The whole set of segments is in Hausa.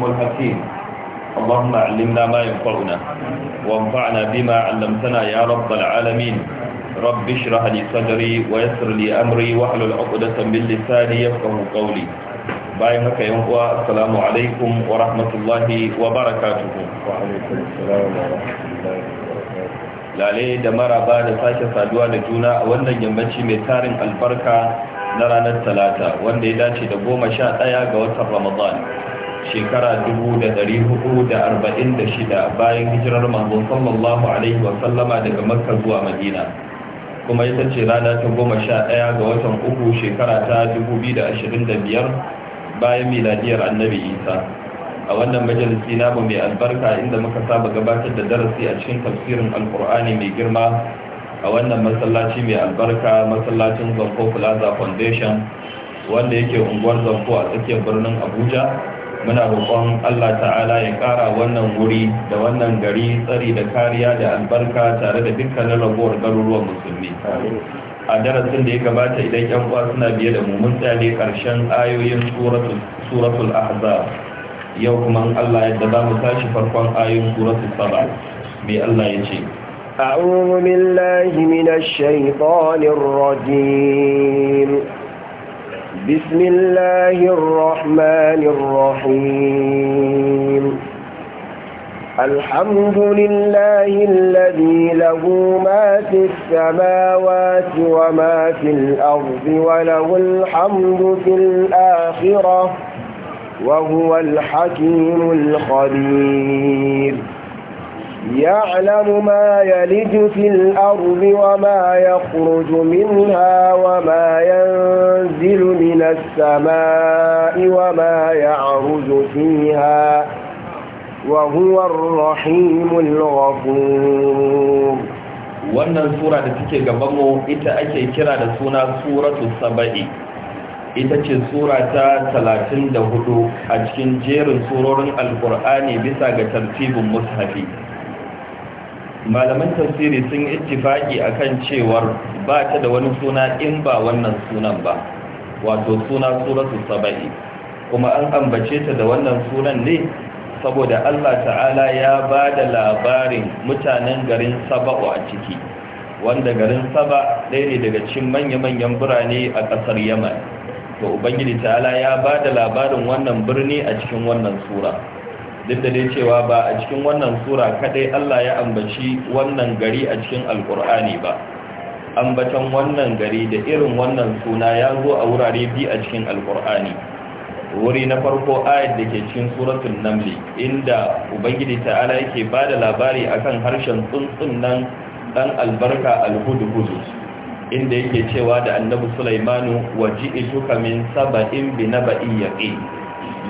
العليم الحكيم اللهم علمنا ما ينفعنا وانفعنا بما علمتنا يا رب العالمين رب اشرح لي صدري ويسر لي امري واحلل عقدة bayan haka yan uwa assalamu alaikum wa rahmatullahi wa barakatuhu wa alaikum assalam lale da maraba da sake saduwa da juna a wannan yammaci mai tarin albarka na ranar talata wanda ya dace da goma sha ɗaya ga watan ramadan shekara shida bayan hijirar manzon sallallahu alaihi sallama daga makka zuwa madina kuma ita ce rana ta goma sha ɗaya ga watan uku shekara ta 2025 bayan miladiyar annabi isa a wannan majalisi namu mai albarka inda muka saba gabatar da darasi a cikin tafsirin alkur'ani mai girma a wannan masallaci mai albarka masallacin zanko plaza foundation wanda yake unguwar zanko a tsakiyar birnin abuja muna roƙon Allah ta'ala ya ƙara wannan wuri da wannan gari tsari da kariya da albarka tare da dukkanin ragowar garuruwan musulmi a darasin da ya gabata idan yan uwa suna biye da mu mun tsaya karshen ayoyin suratul ahzab yau kuma Allah yadda za mu tashi farkon ayoyin suratul saba mai Allah ya ce أعوذ بالله من الشيطان الرجيم بسم الله الرحمن الرحيم الحمد لله الذي له ما في السماوات وما في الأرض وله الحمد في الآخرة وهو الحكيم الخبير يعلم ما يلج في الأرض وما يخرج منها وما ينزل من السماء وما يعرج فيها وهو الرحيم الغفور wannan sura da take gabanmu ita ake kira da suna suratu saba'i ita ce sura ta 34 a cikin jerin surorin alkur'ani bisa ga tartibin mushafi malaman tafsiri sun yi ittifaki akan cewar ba ta da wani suna in ba wannan sunan ba wato suna suratu saba'i kuma an ambace ta da wannan sunan ne saboda Allah ta'ala ya ba da labarin mutanen garin saba'u a ciki wanda garin saba ɗaya ne daga cikin manya-manyan birane a ƙasar yaman to ubangiji ta'ala ya ba da labarin wannan birni a cikin wannan sura duk da dai cewa ba a cikin wannan sura kadai Allah ya ambaci wannan gari a cikin alkur'ani ba ambaton wannan gari da irin wannan suna ya zo a wurare biyu a cikin alkur'ani wuri na farko ayat da ke cikin suratul namli inda ubangiji ta'ala yake ba da labari akan harshen tsuntsun nan dan albarka alhudhudu inda yake cewa da annabi sulaimanu waji'tuka min saba'in binaba'i yaqin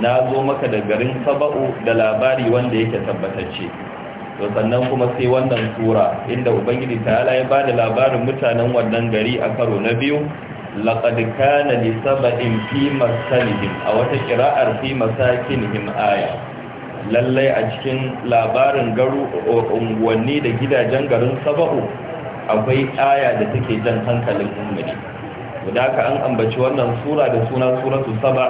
na zo maka da garin saba'u da labari wanda yake tabbatacce to sannan kuma sai wannan sura inda ubangiji ta'ala ya bada labarin mutanen wannan gari a karo na biyu laqad kana li saba'in fi masalihim a wata qira'ar fi masakinihim aya lallai a cikin labarin garu unguwanni da gidajen garin saba'u akwai aya da take jan hankalin ummini da ka an ambaci wannan sura da suna suratu saba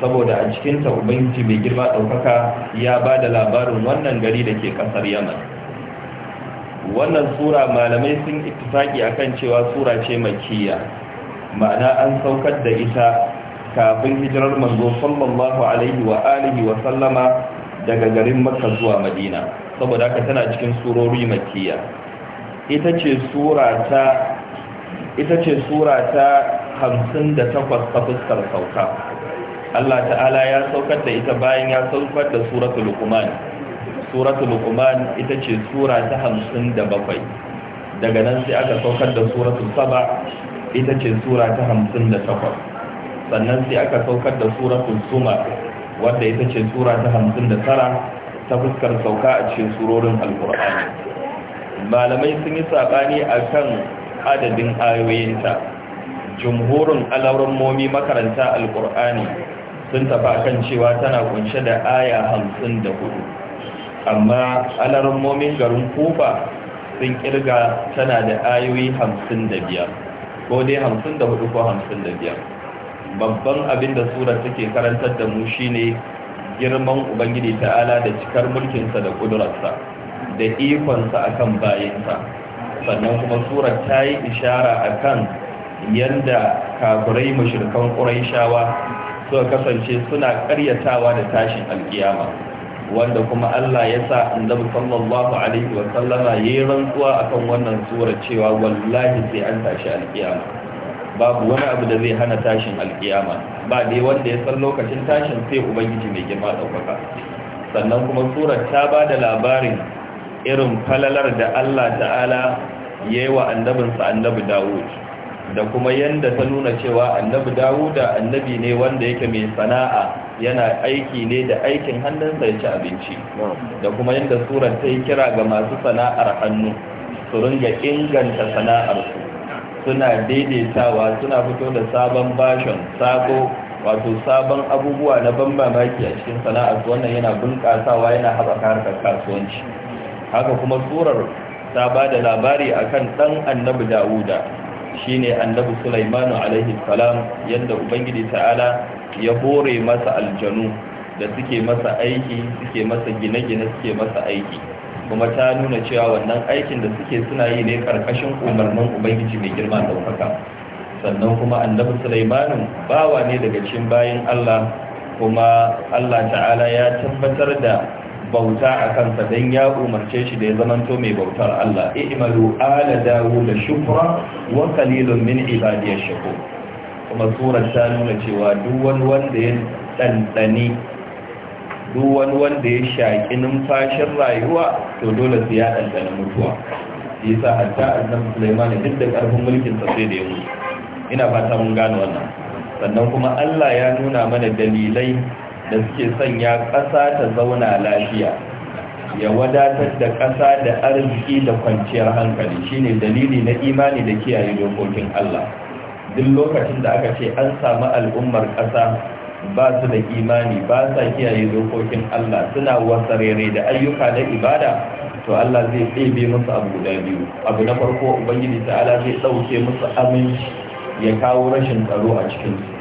saboda a cikin ta ubangiji mai girma ɗaukaka ya ba da labarin wannan gari da ke ƙasar yaman wannan sura malamai sun ittifaki akan cewa sura ce makiyya ma'ana an saukar da ita kafin hijirar manzo sallallahu alaihi wa alihi wa sallama daga garin makka zuwa madina saboda haka tana cikin surori makiyya ita ce sura ta ita ce sura ta fuskar sauka Allah ta'ala ya saukar da ita bayan ya saukar da suratul luqman suratul luqman ita ce sura ta 57 daga nan sai aka saukar da suratul saba ita ce sura ta 58 sannan sai aka saukar da suratul suma wadda ita ce sura ta 59 ta fuskar sauka a cikin surorin alkur'ani malamai sun yi sabani akan adadin ayoyinta jumhurin alauran momi makaranta alkur'ani sun tafa kan cewa tana kunshe da aya hamsin da hudu amma momin garin kufa sun kirga tana da ayoyi hamsin da biyar ko dai hamsin da hudu ko hamsin da biyar babban abin da surar take karantar da mu shine girman ubangiji ta'ala da cikar mulkinsa da kudurarsa da ikonsa akan bayansa sannan kuma surar ta yi ishara akan yadda kafirai mashirkan ƙuraishawa suka kasance suna karyatawa da tashin alkiyama wanda kuma Allah ya sa annabi sallallahu alaihi wa sallama yayi rantsuwa akan wannan sura cewa wallahi sai an tashi alkiyama babu wani abu da zai hana tashin alkiyama ba dai wanda ya san lokacin tashin sai ubangiji mai girma daukaka sannan kuma surar ta ba da labarin irin falalar da Allah ta'ala yayi wa annabinsa annabi Dawud da kuma yanda ta nuna cewa annabi dawuda annabi ne wanda yake mai sana'a yana aiki ne da aikin hannunsa ya ci abinci da kuma yanda surar ta yi kira ga masu sana'ar hannu su ringa inganta sana'arsu suna daidaitawa suna fito da sabon bashon sabo wato sabon abubuwa na ban mamaki a cikin sana'arsu wannan yana bunƙasawa yana haɓaka harkar kasuwanci haka kuma surar ta ba da labari akan ɗan annabi dawuda shine annabi Sulaimanu alaihi salam yanda ubangiji ta'ala ya hore masa aljanu da suke masa aiki suke masa gine-gine suke masa aiki kuma ta nuna cewa wannan aikin da suke suna yi ne karkashin umarnin ubangiji mai girma daukaka sannan kuma annabi Sulaimanu bawa ne daga cikin bayan Allah kuma Allah ta'ala ya tabbatar da bauta a kansa don ya umarce shi da ya zamanto mai bautar Allah i'malu ala dawud shukra wa qalilun min ibadiyash shakur kuma surar ta nuna cewa duk wani wanda ya dandani duk wanda ya numfashin rayuwa to dole su ya dandana mutuwa yasa hatta annabi Sulaiman duk da karfin mulkin sa sai da ya mutu ina fata mun gane wannan sannan kuma Allah ya nuna mana dalilai da suke sanya ƙasa ta zauna lafiya ya wadatar da ƙasa da arziki da kwanciyar hankali shine dalili na imani da kiyaye dokokin Allah duk lokacin da aka ce an samu al'ummar ƙasa ba su da imani ba sa kiyaye dokokin Allah suna wasarere da ayyuka na ibada to Allah zai ɗebe musu abu guda biyu abu na farko ubangiji ta'ala zai ɗauke musu aminci ya kawo rashin tsaro a cikinsu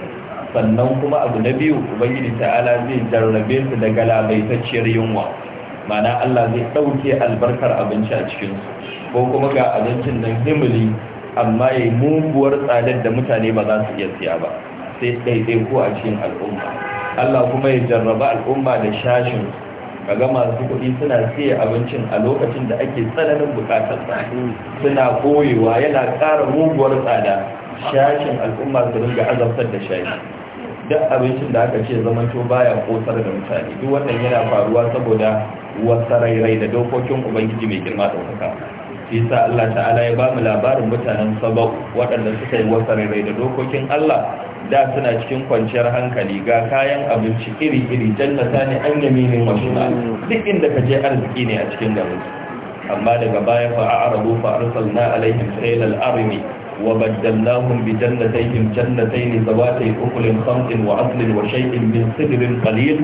sannan kuma abu na biyu ubangiji ta'ala zai jarrabe su da galabaitacciyar yunwa mana Allah zai ɗauke albarkar abinci a cikinsu ko kuma ga abincin nan himili amma ya yi muguwar tsadar da mutane ba za su iya siya ba sai ɗaiɗai ko a cikin al'umma Allah kuma ya jarraba al'umma da shashin kaga masu kuɗi suna siya abincin a lokacin da ake tsananin bukatar suna koyewa yana ƙara muguwar tsada shashin al'umma su dinga azabtar da shayi duk abincin da aka ce zaman to baya kosar da mutane duk wannan yana faruwa saboda wasa rairai da dokokin ubangiji mai girma ɗaukaka shi sa Allah ta'ala ya bamu labarin mutanen sabau waɗanda suka yi wasa rairai da dokokin Allah da suna cikin kwanciyar hankali ga kayan abinci iri-iri jannata ne an yaminin mashina duk inda ka je arziki ne a cikin garin amma daga baya fa a arabu fa arsalna alaihim sayyidal armi وبدلناهم بجنتيهم جنتين ذواتي أكل خمط وأصل وشيء من صدر قليل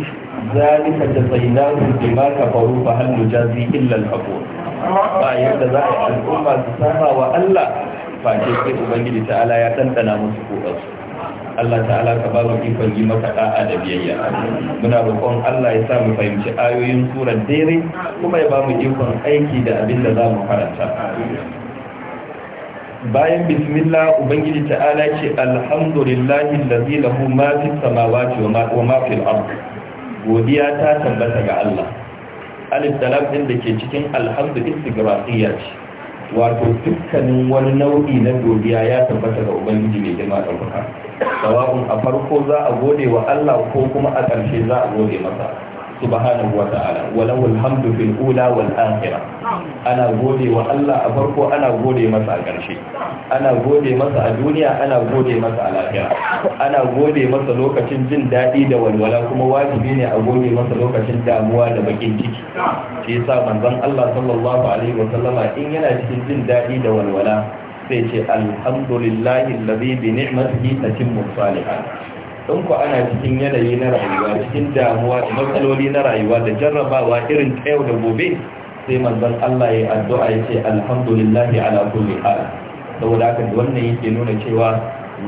ذلك جزيناهم بما كفروا فهل نجازي إلا الحكور فأيات ذلك الأمة تساها وألا فأشيك أبنجي تعالى يتنتنا مسكوة Allah ta'ala ka ba mu ikon yi maka da'a da biyayya muna roƙon Allah ya sa mu fahimci ayoyin surar dare kuma ya ba mu ikon aiki da abin da za mu karanta bayan bismillah ubangiji ta'ala ce alhamdulillahi allazi lahu ma fi samawati wa ma al ard godiya ta tambata ga Allah alif da lam da ke cikin alhamdu istighfariya ce wato dukkanin wani nau'i na godiya ya tabbata ga ubangiji mai girma ɗaukaka sawa'un a farko za a gode wa Allah ko kuma a ƙarshe za a gode masa subhanahu wa ta'ala walau alhamdu fil ula wal akhirah ana gode wa Allah a farko ana gode masa a ƙarshe ana gode masa a duniya ana gode masa a lafiya ana gode masa lokacin jin daɗi da walwala kuma wajibi ne a gode masa lokacin damuwa da bakin ciki shi yasa manzon Allah sallallahu alaihi wa sallama in yana cikin jin daɗi da walwala sai ce alhamdulillahi allazi bi ni'matihi tatimmu salihan in ku ana cikin yanayi na rayuwa cikin damuwa da matsaloli na rayuwa da jarrabawa irin ta yau da gobe sai manzon Allah ya addu'a ya ce alhamdulillahi ala kulli hal saboda haka wannan yake nuna cewa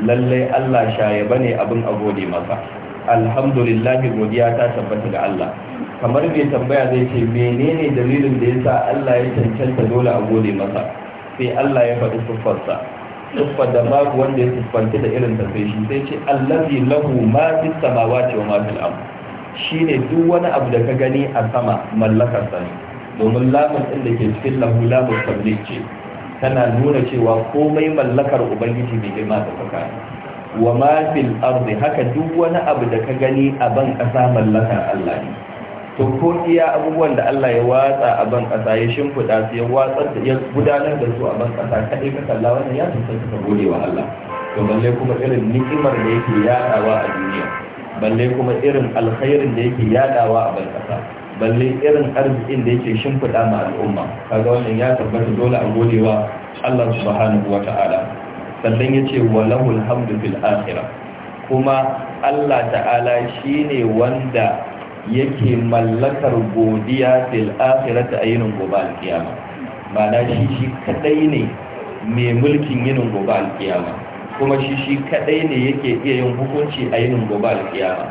lallai Allah shaye bane abin a gode masa alhamdulillahi godiya ta tabbata ga Allah kamar mai tambaya zai ce menene dalilin da yasa Allah ya cancanta dole a gode masa sai Allah ya faɗi siffarsa siffar da babu wanda ya siffanci da irin sai shi sai ce allazi lahu ma fi samawati wa ma fil ardh duk wani abu da ka gani a sama mallakar sa ne domin lamun din da ke cikin lahu lamun tabliq ce tana nuna cewa komai mallakar ubangiji mai girma da saka wa ma fil haka duk wani abu da ka gani a ban kasa mallakar Allah ne to iya abubuwan da Allah ya watsa a ban kasa ya shimfiɗa su ya watsar da ya gudanar da su a ban kasa kadai ka kalla wannan ya tantance ka gode wa Allah to balle kuma irin ni'imar da yake yaɗawa a duniya balle kuma irin alkhairin da yake yaɗawa a ban kasa balle irin arzikin da yake shimfiɗa ma al'umma kaga wannan ya tabbata dole a gode wa Allah subhanahu wata'ala sannan yace walahul hamdu fil akhirah kuma Allah ta'ala shine wanda yake mallakar godiya fil akhirati ayinun gobe alkiyama ma'ana shi shi kadai ne mai mulkin yinin gobe alkiyama kuma shi shi kadai ne yake iya yin hukunci a yinin gobe alkiyama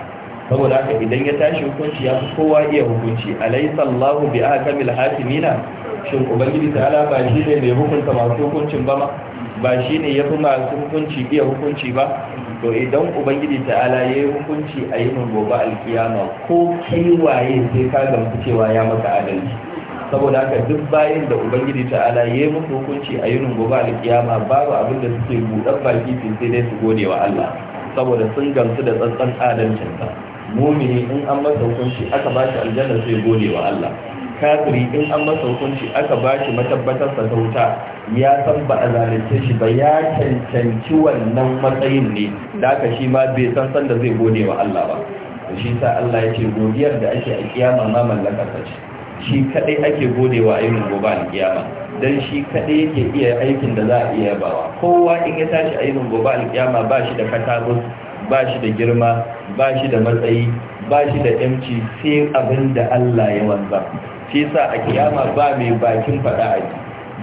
saboda haka idan ya tashi hukunci ya fi kowa iya hukunci alaysa Allahu bi ahkamil hakimina shin ubangiji ta'ala ba shi ne mai hukunta masu hukuncin ba ma ba shi ne ya fi masu hukunci iya hukunci ba to idan ubangiji ta'ala ya yi hukunci a yi gobe alkiyama ko kai waye sai ka gamsu cewa ya maka adalci saboda haka duk bayan da ubangiji ta'ala ya yi muku hukunci a yi gobe alkiyama babu abin da suke buɗan baki su sai dai su gode wa Allah saboda sun gamsu da tsantsan adalcinsa mumini in an masa hukunci aka ba shi aljanna sai gode wa Allah kafiri in an masa hukunci aka ba shi matabbatar sa wuta ya san ba a zalunce shi ba ya cancanci wannan matsayin ne da aka shi ma bai san san zai gode wa Allah ba shi sa Allah ya ce godiyar da ake a kiyama ma mallakar ta shi kadai ake gode wa ayyukan gobe a kiyama dan shi kadai yake iya aikin da za a iya yabawa, kowa in ya tashi ayyukan gobe a alkiyama ba shi da katabus ba shi da girma ba shi da matsayi ba shi da yamci sai abin da Allah ya wanzar shi yasa a kiyama ba mai bakin faɗa a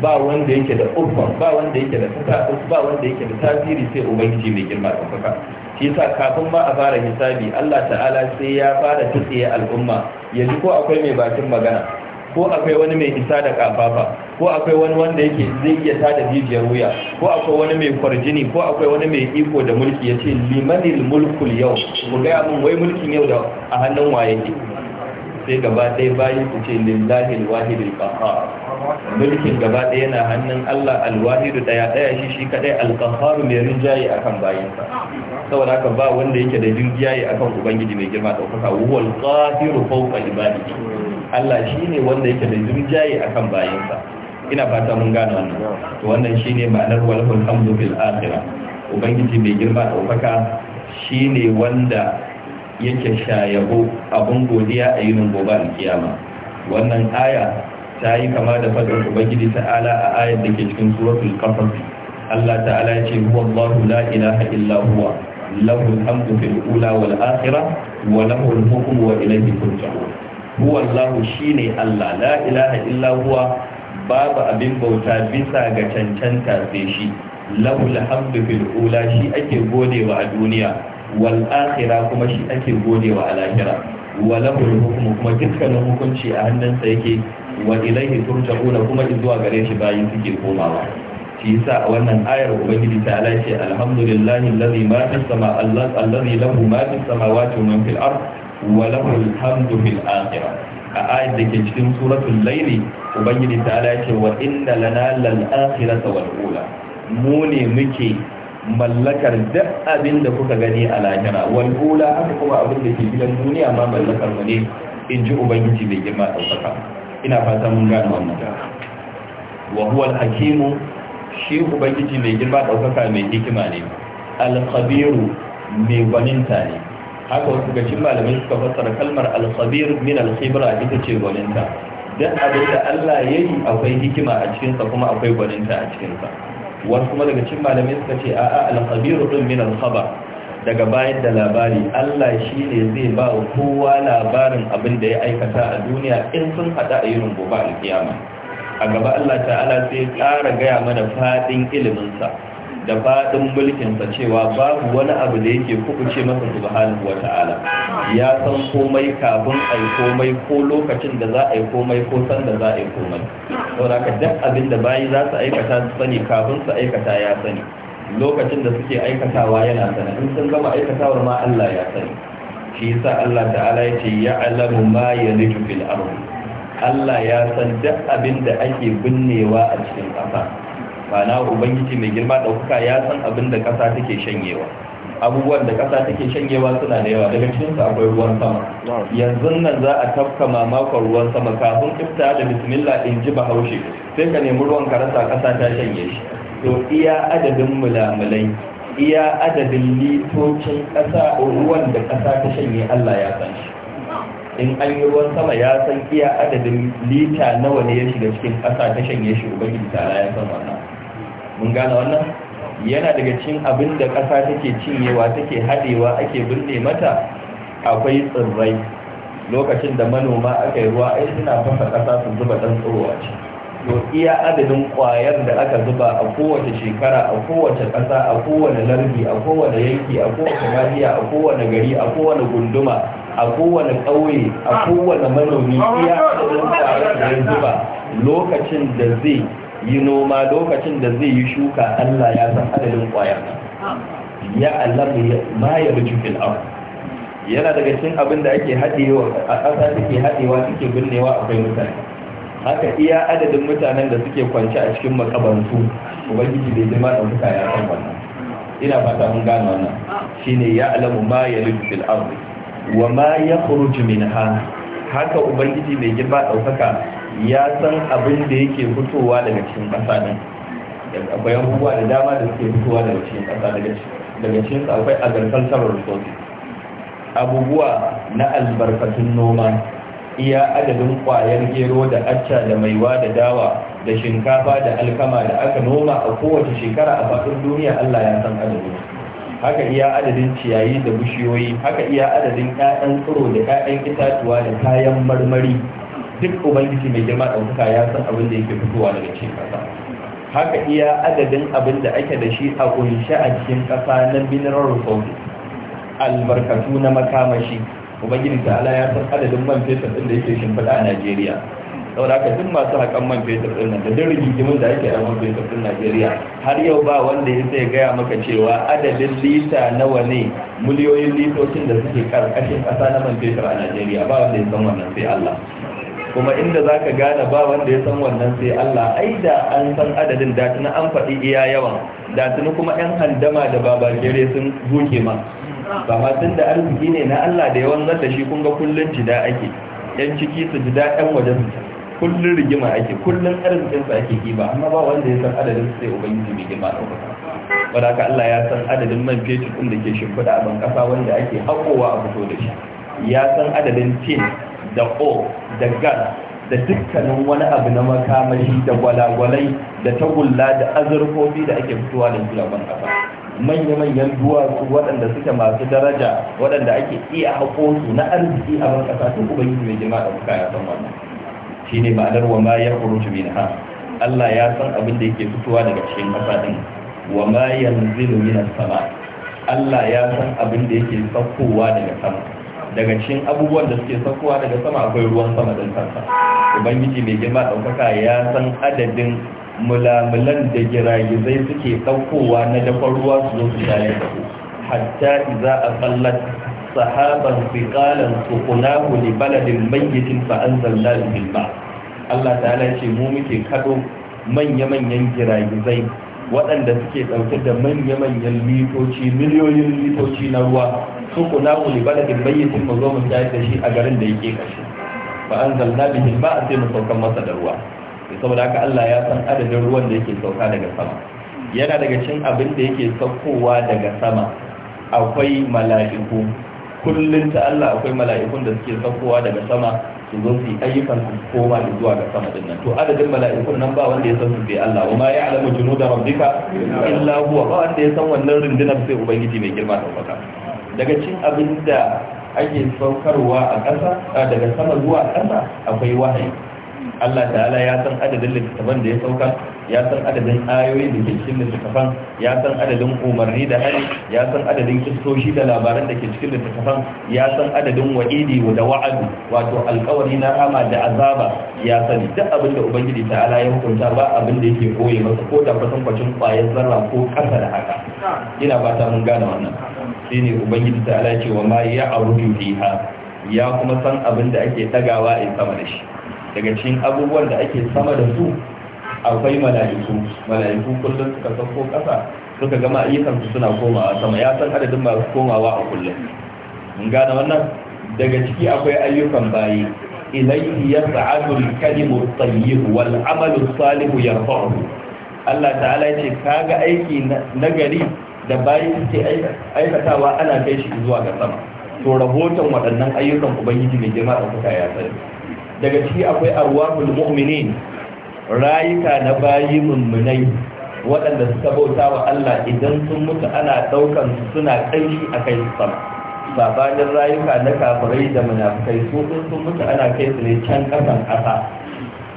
ba wanda yake da uffan ba wanda yake da kaka ba wanda yake da tasiri sai ubangiji mai girma da kaka shi yasa kafin ma a fara hisabi Allah ta'ala sai ya fara tsiye al'umma yanzu ko akwai mai bakin magana ko akwai wani mai isa da kafafa ko akwai wani wanda yake zai iya tada jijiyar wuya ko akwai wani mai kwarjini ko akwai wani mai iko da mulki yace limanil mulkul yau mu ga min wai mulkin yau da a hannun waye yake sai gaba ɗaya bayi su ce lillahi alwahidul qahhar mulkin gaba ɗaya yana hannun Allah alwahidu daya daya shi shi kadai alqahhar mai rinjaye akan bayinsa saboda haka ba wanda yake da rinjaye akan ubangiji mai girma daukaka huwal qahiru fawqa ibadihi Allah shine wanda yake da rinjaye akan bayinsa ina fata mun gane wannan to wannan shine ma'anar walhul hamdu fil akhirah ubangiji mai girma daukaka shine wanda yake shayahu abun godiya a yinin gobe alkiyama wannan aya ta yi kama da faɗin ubangiji ta'ala a ayar da ke cikin suratul qasas Allah ta'ala ya ce huwa Allahu la ilaha illa huwa lahu al-hamdu fil ula wal akhirah wa lahu al-hukmu wa ilayhi turja'un huwa Allahu shine Allah la ilaha illa huwa babu abin bauta bisa ga cancanta sai shi lahu al-hamdu fil ula shi ake godewa a duniya Wal'akira kuma shi ake gode wa al'akira, wa lahu kuma dukkanin hukunci a hannunsa yake wa ilaihi turja'una kuma zuwa gare shi bayin suke komawa shi sa a wannan ayar ubangiji ta ala ce alhamdulillahi allazi ma fi sama allah allazi lahu ma fi samawati wa fil ard wa lahu alhamdu fil akhirah a ayar da ke cikin suratul layli ubangiji ta ala ce wa inna lana lal akhirata wal ula mu ne muke mallakar duk abin da kuka gani a lahira wal'ula haka kuma abin da ke gidan duniya ma mallakar mu ne in ji ubangiji mai girma ɗaukaka ina fata mun gano wannan wa huwa al-hakimu shi ubangiji mai girma ɗaukaka mai hikima ne al-khabiru mai gwaninta ne haka wasu gashin malamai suka fassara kalmar al min al ita ce gwaninta duk abin da Allah ya yi akwai hikima a cikinsa kuma akwai gwaninta a cikinsa wasu kuma daga cikin malamai suka ce a'a al-khabiru din min al-khabar daga bayan da labari Allah shi ne zai ba kowa labarin abin da ya aikata a duniya in sun hada a yurin gobe kiyama a gaba Allah ta'ala sai ya ƙara gaya mana faɗin iliminsa da faɗin mulkinsa cewa babu wani abu da yake kubuce masa subhanahu wata'ala ya san komai kafin a yi komai ko lokacin da za a yi komai ko san da za a yi komai saboda ka duk abin da bayi za su aikata su sani kafin su aikata ya sani lokacin da suke aikatawa yana sani in sun gama aikatawar ma Allah ya sani shi yasa Allah ta'ala ya ce alamu ma yalitu fil ardh Allah ya san duk abin da ake binnewa a cikin ƙasa mana ubangiji mai girma ɗaukuka ya san abin da ƙasa take shanyewa abubuwan da ƙasa take shanyewa suna da yawa daga cikinsu akwai ruwan sama yanzu nan za a tafka mamakon ruwan sama kafin ifta da bismillah in ji bahaushe sai ka nemi ruwan ka rasa ƙasa ta shanye shi to iya adadin mulamulai iya adadin litocin ƙasa ruwan da ƙasa ta shanye allah ya san shi in an yi ruwan sama ya san iya adadin lita nawa ne ya shiga cikin ƙasa ta shanye shi ubangiji tara ya san wannan mun gane wannan yana daga cikin abin da ƙasa take cinyewa take haɗewa ake binne mata akwai tsirrai lokacin da manoma aka yi ruwa ai suna fasa ƙasa su zuba ɗan tsirowa ce. to iya adadin ƙwayar da aka zuba a kowace shekara a kowace ƙasa a kowane lardi a kowane yanki a kowace nahiya a kowane gari a kowane gunduma a kowane ƙauye a kowane manomi iya adadin ƙwayar da ya zuba lokacin da zai yi noma lokacin da zai yi shuka Allah ya san adadin kwayar ya allah ma ya rucu fil yana daga cikin abin da ake haɗewa a ƙasa suke haɗewa suke binnewa akwai mutane haka iya adadin mutanen da suke kwance a cikin makabantu ubangiji bai zama suka ya san wannan ina fata mun gano wannan shine ya alamu ma ya rucu fil wa ma ya khuruju minha haka ubangiji mai girma ɗaukaka ya san abin da yake fitowa daga cikin ƙasa ne akwai abubuwa da dama da suke fitowa daga cikin ƙasa daga cikin akwai agricultural resources abubuwa na albarkatun noma iya adadin ƙwayar gero da acca da maiwa da dawa da shinkafa da alkama da aka noma a kowace shekara a faɗin duniya Allah ya san adadin haka iya adadin ciyayi da bishiyoyi haka iya adadin 'ya'yan tsiro da 'ya'yan itatuwa da kayan marmari duk ubangiji mai girma ɗaukaka ya san abin da yake fitowa daga cikin ƙasa haka iya adadin abin da ake da shi a kunshi a cikin ƙasa na mineral resources albarkatu na makamashi ubangiji ala ya san adadin man fetur ɗin da yake shimfiɗa a najeriya saboda haka duk masu haƙan man fetur ɗin nan da duk rigimin da ake a man fetur ɗin najeriya har yau ba wanda ya sai gaya maka cewa adadin lita nawa ne miliyoyin litocin da suke ƙarƙashin ƙasa na man fetur a najeriya ba wanda ya san wannan sai allah kuma inda za ka gane ba wanda ya san wannan sai Allah ai da an san adadin da tuni an faɗi iya yawan da tuni kuma 'yan handama da gere sun buke ma ba ma tun da arziki ne na Allah da yawan zata shi kun ga kullun jida ake yan ciki su jida ƴan waje su kullun rigima ake kullun arzikin su ake kiba amma ba wanda ya san adadin sai ubangiji mai girma ɗaukaka wadda ka Allah ya san adadin man fetur ɗin da ke shimfiɗa a ban ƙasa wanda ake haƙowa a fito da shi ya san adadin tin da o da gas da dukkanin wani abu na makamashi da gwalagwalai da tagulla da azurkofi da ake fitowa da jiragen kafa manya-manyan duwatsu waɗanda suke masu daraja waɗanda ake iya haƙo su na arziki a ban ƙasa kuma yi mai jima'a da kuka ya san wannan shi ne ma'anar wa ma ya kurutu min ha Allah ya san abin da yake fitowa daga cikin ƙasa ɗin wa ma yanzilu min sama Allah ya san abin da yake saukowa daga sama daga cikin abubuwan da suke saukowa daga sama akwai ruwan sama din sarsa ubangiji mai girma ɗaukaka ya san adadin mulamulan da giragizai suke ɗaukowa na dafa ruwa su zo su shayar da ku hatta za a tsallar sahaban fiƙalan su kunahu baladin mayyitin fa an zalla ba Allah Ta ala ce mu muke kaɗo manya-manyan giragizai waɗanda suke ɗauke da manya-manyan litoci miliyoyin litoci na ruwa suku namu li baladin bayyitin mu zo mu shayar da shi a garin da yake kashi fa anzalna bihi ma'a sai mu saukan masa da ruwa saboda haka Allah ya san adadin ruwan da yake sauka daga sama yana daga cin abin da yake saukowa daga sama akwai mala'iku kullum ta Allah akwai mala'ikun da suke saukowa daga sama su zo su ayyukan su koma da zuwa ga sama nan to adadin mala'ikun nan ba wanda ya san su bai Allah wa ma ya'lamu junuda rabbika illa huwa ba wanda ya san wannan rundunar sai ubangiji mai girma da daga cin abin da ake saukarwa a ƙasa daga sama zuwa ƙasa akwai wahayi Allah ta'ala ya san adadin littafan da ya sauka ya san adadin ayoyi da ke cikin littafan ya san adadin umarni da hali ya san adadin kistoshi da labaran da ke cikin littafan ya san adadin wa'idi da wa'azi wato alkawari na rama da azaba ya san duk abin da ubangiji ta'ala ya hukunta ba abin da yake koyi masa ko da fasan kwacin kwayar zarra ko kasa da haka ina fata mun gane wannan shine ubangiji ta'ala ya ce wa ma ya aruju fiha ya kuma san abin da ake tagawa a sama da shi daga cikin abubuwan da ake sama da su akwai mala'iku mala'iku kullum suka sauko ƙasa suka gama ayyukansu suna komawa sama ya san adadin masu komawa a kullum mun gane wannan daga ciki akwai ayyukan bayi ilayhi yas'adul kalimu tayyib wal 'amalu salihu yarfa'u Allah ta'ala yace kaga aiki na gari da bayi suke aikatawa ana kai shi zuwa ga sama to rahoton waɗannan ayyukan ubangiji mai girma da kuka ya sani daga ciki akwai arwahul mu'minin rayuka na bayi mummunai waɗanda suka bauta wa Allah idan sun mutu ana ɗaukan su suna ƙanshi a kai sama babanin rayuka na kafirai da munafukai su sun mutu ana kai su ne can ƙasan ƙasa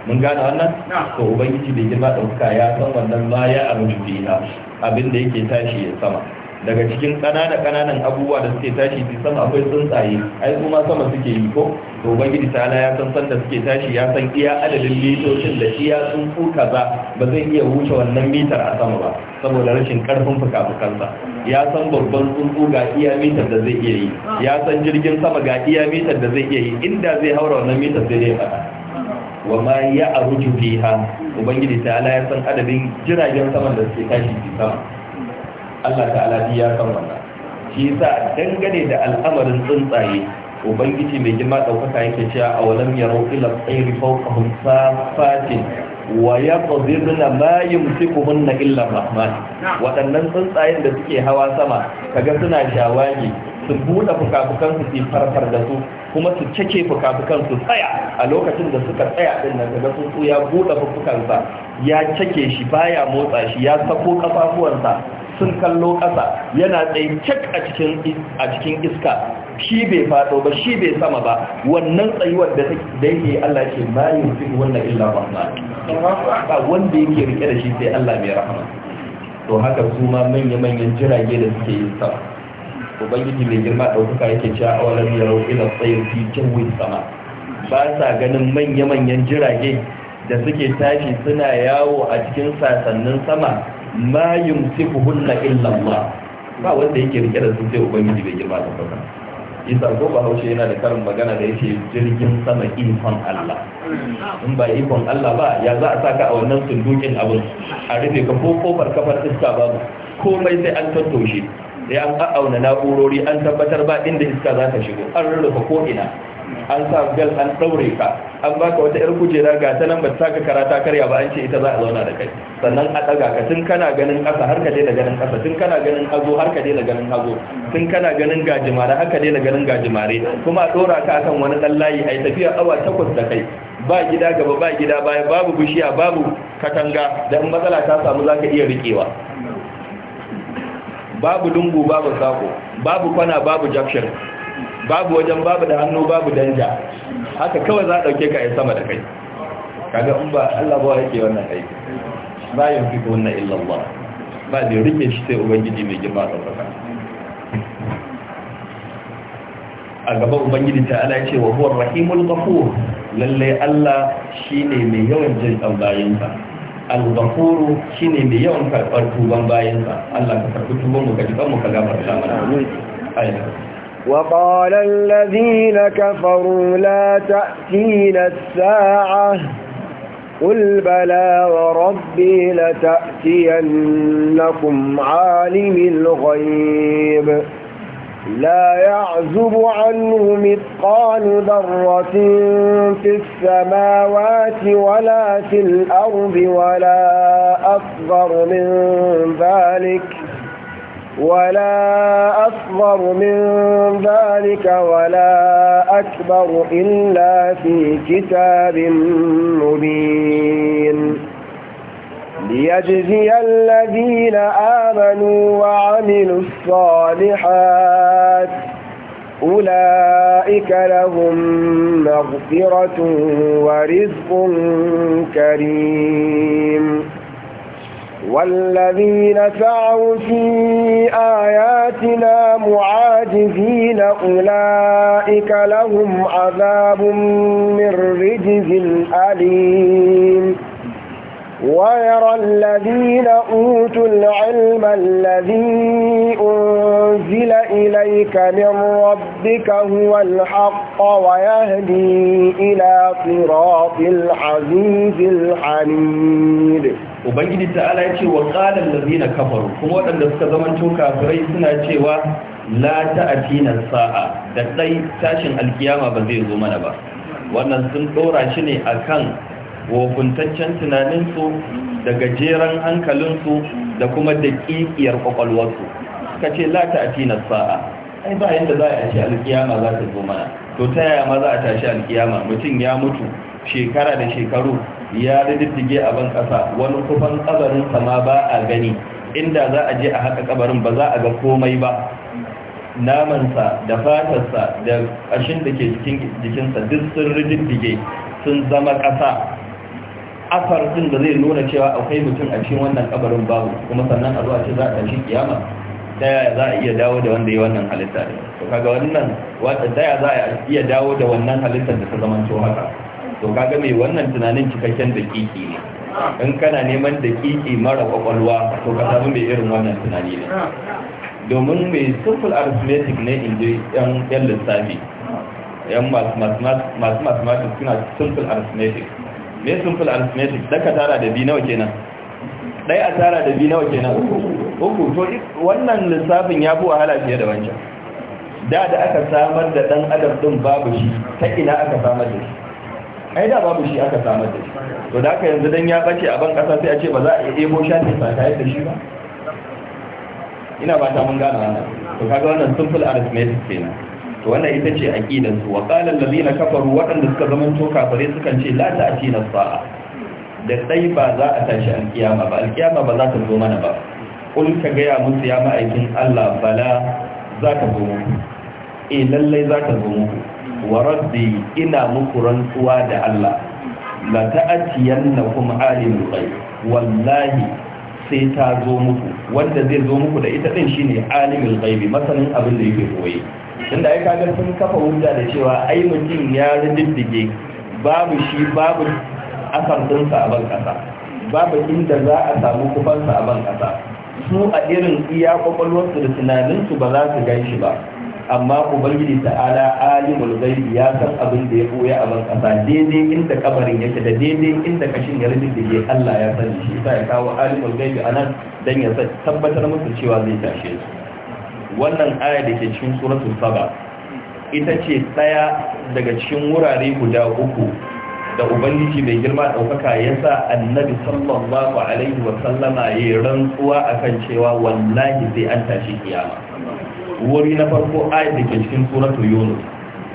mun gane wannan to ubangiji bai girma ɗauka ya san wannan baya a arufi na abin da yake tashi ya sama daga cikin ƙanana ƙananan abubuwa da suke tashi su sama akwai tsuntsaye ai kuma sama suke yi ko to ubangiji ta ala ya san san da suke tashi ya san iya adadin litocin da iya sun fuka ba ba zai iya wuce wannan mitar a sama ba saboda rashin karfin fuka-fukansa ya san babban tsuntsu ga iya mitar da zai iya yi ya san jirgin sama ga iya mitar da zai iya yi inda zai haura wannan mitar zai ne fada wa ma ya aruju biha ubangiji ta ala ya san adadin jiragen sama da suke tashi sama Allah ta'ala ya san wannan shi yasa dangane da al'amarin tsuntsaye ubangiji mai girma ɗaukaka yake cewa a walam ya rauƙi lafsayri fawqahum safatin wa yaqdirna ma yumsikuhunna illa rahman waɗannan tsuntsayen da suke hawa sama kaga suna shawagi su buɗe fukafukan su su farfar da su kuma su cake fukafukan su tsaya a lokacin da suka tsaya ɗin nan kaga tsuntsu ya buɗe fukafukansa ya cake shi baya motsa shi ya sako ƙafafuwansa. sun kallo ƙasa yana tsaye cak a cikin iska shi bai faɗo ba shi bai sama ba wannan tsayuwar da yake Allah ce bayan fi wannan illa ba wanda yake rike da shi sai Allah mai rahama to haka su ma manya-manyan jirage da suke yin sama ubangiji mai girma ɗaukaka yake cewa ya yarau ila tsayin fi jawin sama ba sa ganin manya-manyan jirage da suke tashi suna yawo a cikin sasannin sama ma yumsikuhunna illa Allah ba wanda yake rike da su sai ubangiji bai girma da baka isa ko ba haushe yana da karin magana da yake jirgin sama ikon Allah in ba ikon Allah ba ya za a saka a wannan sundukin abin a rufe ka ko kofar kafar iska ba komai sai an tattaushe sai an a'auna na'urori an tabbatar ba inda iska za ta shigo an rufe ko ina an sa gal an daure ka an baka wata yar kujera ga ta nan ba ta ka karata karya ba an ce ita za a zauna da kai sannan a daga ka tun kana ganin ƙasa har ka daina ganin ƙasa tun kana ganin hago har ka daina ganin hago tun kana ganin gajimare har ka daina ganin gajimare kuma a dora ka akan wani ɗan layi ai tafiya awa takwas da kai ba gida gaba ba gida baya babu bishiya babu katanga da in matsala ta samu zaka iya rikewa babu dungu babu sako babu kwana babu jakshin babu wajen babu da hannu babu danja haka kawai za a ɗauke ka yi sama da kai kaga in ba Allah ba yake wannan aiki ba yin fi wannan illallah ba zai rike shi sai ubangiji mai girma da saka a gaban ubangiji ta ala ce wa huwa rahimul ghafur lalle Allah shine mai yawan jin dan bayinsa al-ghafur shine mai yawan karɓar tuban bayinsa Allah ka karɓi tuban mu ka ji mu ka gafarta mana amin وقال الذين كفروا لا تأتين الساعة قل بلى وربي لتأتينكم عالم الغيب لا يعزب عنه مثقال ذرة في السماوات ولا في الأرض ولا أكبر من ذلك ولا أصغر من ذلك ولا أكبر إلا في كتاب مبين ليجزي الذين آمنوا وعملوا الصالحات أولئك لهم مغفرة ورزق كريم والذين سعوا في آياتنا معاجزين أولئك لهم عذاب من رجز أليم ويرى الذين أوتوا العلم الذي أنزل إليك من ربك هو الحق ويهدي إلى صراط العزيز الحميد Ubangiji ta'ala ya ce wa ƙalar lalzina kafaru kuma waɗanda suka zamanto kafirai suna cewa la ta'atina sa'a da ɗai tashin alkiyama ba zai zo mana ba wannan sun ɗora shi ne a kan. wakuntaccen tunaninsu da gajeren hankalinsu da kuma da ƙiƙiyar ƙwaƙwalwarsu suka ce la ta na sa'a ai ba yadda za a ce alkiyama za ta zo mana to ta yaya ma za a tashi alkiyama mutum ya mutu shekara da shekaru ya rididdige a ban ƙasa wani kufan kabarin sama ba a gani inda za a je a haka kabarin ba za a ga komai ba namansa da fatarsa da ƙashin da ke jikinsa duk sun rididdige sun zama ƙasa asar da zai nuna cewa akwai mutum a cikin wannan kabarin babu kuma sannan a zuwa ce za a tashi kiyama ta yaya za a iya dawo da wanda ya wannan halitta ne to kaga wannan wata ta za a iya dawo da wannan halittar da ta zamanto to haka to kaga mai wannan tunanin cikakken kiki ne in kana neman kiki mara kwakwalwa to ka samu mai irin wannan tunani ne domin mai simple arithmetic ne in ji yan lissafi yan masu mathematics suna simple arithmetic me simple arithmetic daga tara da bi nawa kenan ɗaya a tara da bi nawa kenan uku to wannan lissafin ya fi wahala fiye da wancan da da aka samar da ɗan adam ɗin babu shi ta ina aka samar da shi ai da babu shi aka samar da shi to da aka yanzu dan ya ɓace a ban ƙasa sai a ce ba za a iya ebo shafi sakayar da shi ba ina ba ta mun gane wannan to kaga wannan simple arithmetic kenan to wannan ita ce aqidan su wa qala allazina kafaru waɗanda suka zama to kafare sukan ce la ta'tina sa'a da dai ba za a tashi alkiyama ba alkiyama ba za ta zo mana ba kul ka ga ya musu ya ma'aikin Allah bala za ta zo muku eh lallai za ta zo muku wa raddi ina muku rantsuwa da Allah la kuma alimul ghaib wallahi sai ta zo muku wanda zai zo muku da ita din shine alimul ghaibi masanin abin da yake koyi tunda ai kaga sun kafa hujja da cewa ai mutum ya rididdige babu shi babu asardin sa a ban babu inda za a samu kufansa a ban kasa su a irin iya kwakwalwarsu da tunaninsu ba za su gan shi ba amma ubangiji ta'ala alimul ghaibi ya san abin da ya koya a ban kasa daidai inda kabarin yake da daidai inda kashin ya rubuta ke Allah ya sani shi ya kawo alimul ghaibi anan dan ya tabbatar musu cewa zai tashe su wannan aya da ke cikin suratul saba ita ce tsaya daga cikin wurare guda uku da ubangiji mai girma daukaka ya sa annabi sallallahu alaihi wa sallama ya rantsuwa akan cewa wallahi zai an tashi kiyama wuri na farko ayat da ke cikin suratul yunus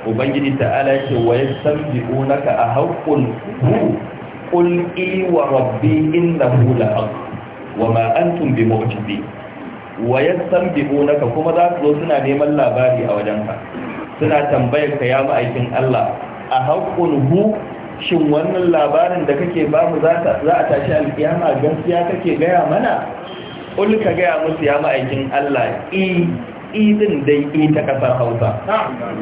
ubangiji ta'ala yake wa yasambi'unaka a haqqun hu qul i wa rabbi innahu la haqq wa ma antum bi mu'jizin wa yasambi'unaka kuma za su zo suna neman labari a wajenka suna tambayar ka ya ma'aikin Allah a haqqun hu shin wannan labarin da kake ba mu za a tashi alkiyama gaskiya kake gaya mana ƙul ka gaya musu ya ma'aikin Allah i idin dai i ta kasar hausa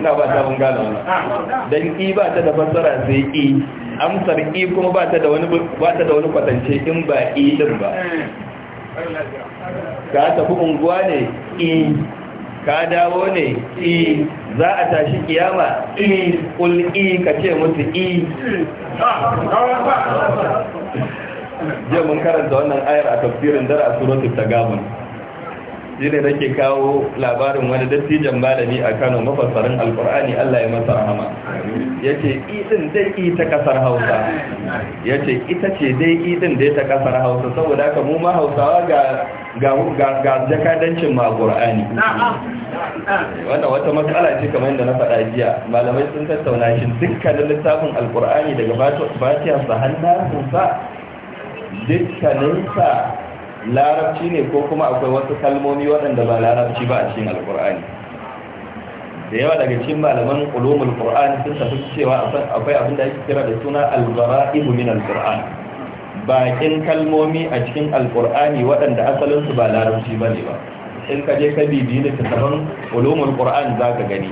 na ba ta wani don i ba ta da fassara sai i amsar i kuma ba ta da wani kwatance in ba i din ba ka tafi unguwa ne i ka dawo ne i za a tashi kiyama i kul i ka ce musu i jiya mun karanta wannan ayar a tafsirin dara a ta gabon shi ne ke kawo labarin wani dattijan malami a Kano mafasarin Alkur'ani Allah ya masa rahama yace idin dai ita kasar Hausa ce ita ce dai idin dai ta kasar Hausa saboda ka mu ma Hausawa ga ga ga jakadancin ma Qur'ani wannan wata matsala ce kamar yadda na faɗa jiya malamai sun tattauna shi dukkanin littafin Alkur'ani daga batiyar sa hannu sa dukkanin sa larabci ne ko kuma akwai wasu kalmomi waɗanda ba larabci ba a cikin alkur'ani da yawa daga cikin malaman ulumul qur'ani sun tafi cewa akwai abin da ake kira da suna al-gharaibu min al-qur'an bakin kalmomi a cikin alkur'ani waɗanda asalin su ba larabci ba ne ba in ka je ka bibiyi littattafan ulumul qur'an ka gani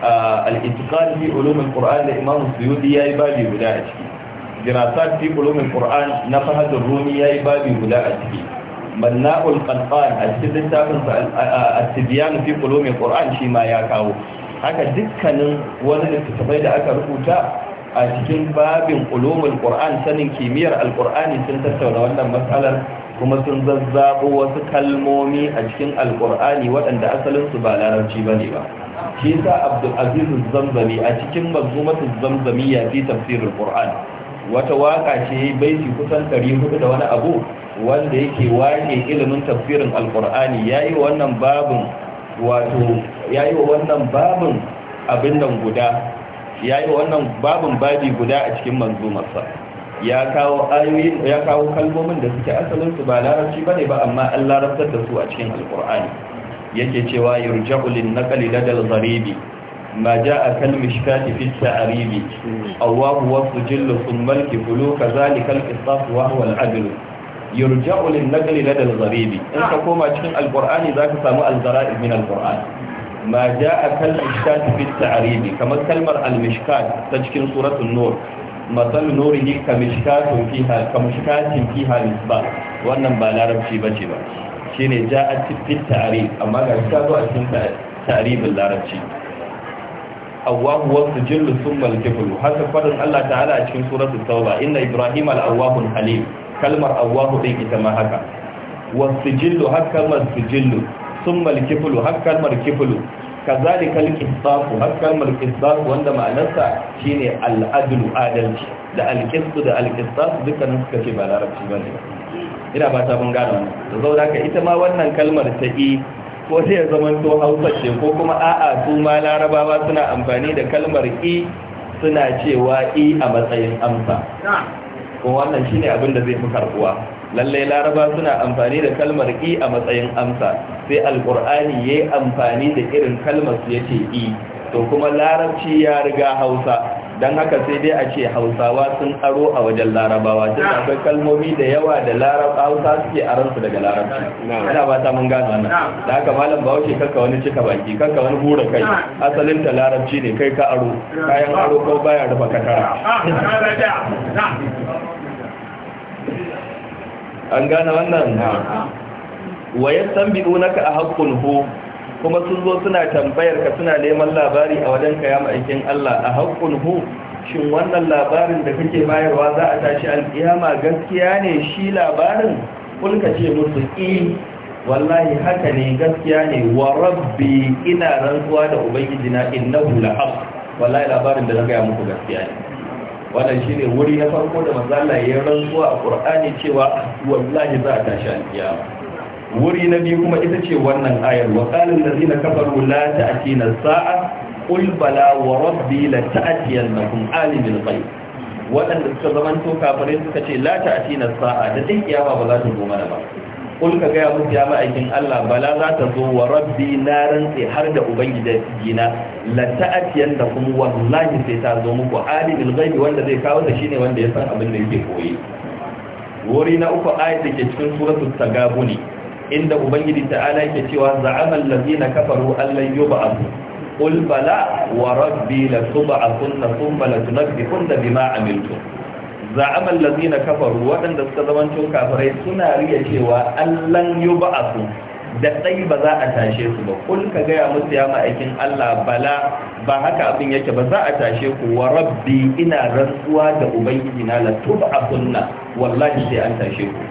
ah, al-itqan fi ulumul qur'an da imam suyuti yayi babi guda a ciki dirasat fi ulumul qur'an na fahad rumi yayi babi guda a ciki manna'ul qanfan a cikin littafin sa at-tibyan fi ulumul qur'an ya kawo haka dukkanin wani littafai da aka rubuta a cikin babin ulumul qur'an sanin kimiyyar alqur'ani sun tattauna wannan matsalar kuma sun zazzabo wasu kalmomi a cikin alqur'ani waɗanda asalinsu ba larabci ne ba shi yasa abdul aziz a cikin manzumatul zamzamiyya fi tafsirul qur'an wata waka ce baiti kusan 400 da wani abu wanda yake wake ilimin tafsirin alkur'ani yayi wannan babin wato wannan babin abin nan guda yi wannan babin babi guda a cikin manzumarsa ya kawo kalmomin da suke asalinsu ba larabci bane ba amma an larabtar da su a cikin alkur'ani yake cewa yurja'u na naqli ladal ma ja a kalmi shikati fi ta'aribi Allahu wa sujillu sun malki bulu ka zalika al-qisas wa huwa al-adl yurja'u lin-nagli lada al-zaribi in ka koma cikin al-Qur'ani zaka samu al-zara'i min al-Qur'an ma ja a kalmi shikati fi ta'aribi kamar kalmar al-mishkat ta cikin suratul nur matsal nuri ne ka mishkatun fiha ka wannan ba larabci ba ce ba shine ja a cikin amma ga shi ta zo a cikin larabci awwabu wasu jillu sun malkifulu haka faɗin Allah ta'ala a cikin suratul tauba inna ibrahim al-awwabun halim kalmar awwabu din ita ma haka wasu jillu har kalmar su jillu sun malkifulu har kalmar kifulu kazalika al-qisafu har kalmar qisafu wanda ma'anarsa shine al-adlu adalci da al da al dukkanin suka ce ba larabci ne. ina ba ta mun gane da saboda ka ita ma wannan kalmar ta i ko sai ya zama to hausa ce ko kuma a'a su ma larabawa suna amfani da kalmar i suna cewa i a matsayin amsa ko wannan shine abin da zai fi karbuwa lalle laraba suna amfani da kalmar i a matsayin amsa sai alkur'ani yayi amfani da irin kalmar su yace i to kuma larabci ya riga hausa don haka sai dai a ce hausawa sun aro a wajen larabawa duk akwai kalmomi da yawa da hausa suke aransu daga larabci ana ba ta mun gano wannan da haka malam wuce kanka wani cika baki kanka wani hura kai asalin ta larabci ne kai ka aro kayan aro ko baya rufa kakara an gane wannan wa yastanbi'unaka a haqqun hu kuma sun zo suna tambayar ka suna neman labari a wajen ka ya ma'aikin Allah a haƙƙun hu shin wannan labarin da kake bayarwa za a tashi alƙiyama gaskiya ne shi labarin kulka ce musu i e, wallahi haka ne gaskiya ne wa rabbi ina rantsuwa da ubangiji na innahu lahaq wallahi labarin da na gaya muku gaskiya ne wannan shi wuri na farko da Allah ya rantsuwa a ƙur'ani cewa wallahi za a tashi alƙiyama wuri na biyu kuma ita ce wannan ayar wa qalil ladina kafaru la ta'tina sa'a qul bala wa rabbi la ta'tiyannakum alimul ghaib waɗanda suka zamanto kafirai suka ce la ta'tina sa'a da dai kiyama ba za ta zo mana ba kul ka gaya musu ya ma'aikin Allah bala za ta zo wa rabbi na rantsi har da ubangiji na la ta'atiyan da wallahi sai ta zo muku alimul ghaibi wanda zai kawo ta shine wanda ya san abin da yake koyi wuri na uku ayat da ke cikin suratul tagabuni inda ubangiji ta'ala yake cewa za'amal ladina kafaru allan yub'athu qul bala wa rabbi la tub'athunna thumma la tunabbi'unna bima amiltu za'amal ladina kafaru wadanda suka zamanto kafirai suna riya cewa allan yub'athu da dai ba za a tashe su ba kul ka gaya musu ya ma'aikin Allah bala ba haka abin yake ba za a tashe ku wa rabbi ina rantsuwa da ubangiji na la tub'athunna wallahi sai an tashe ku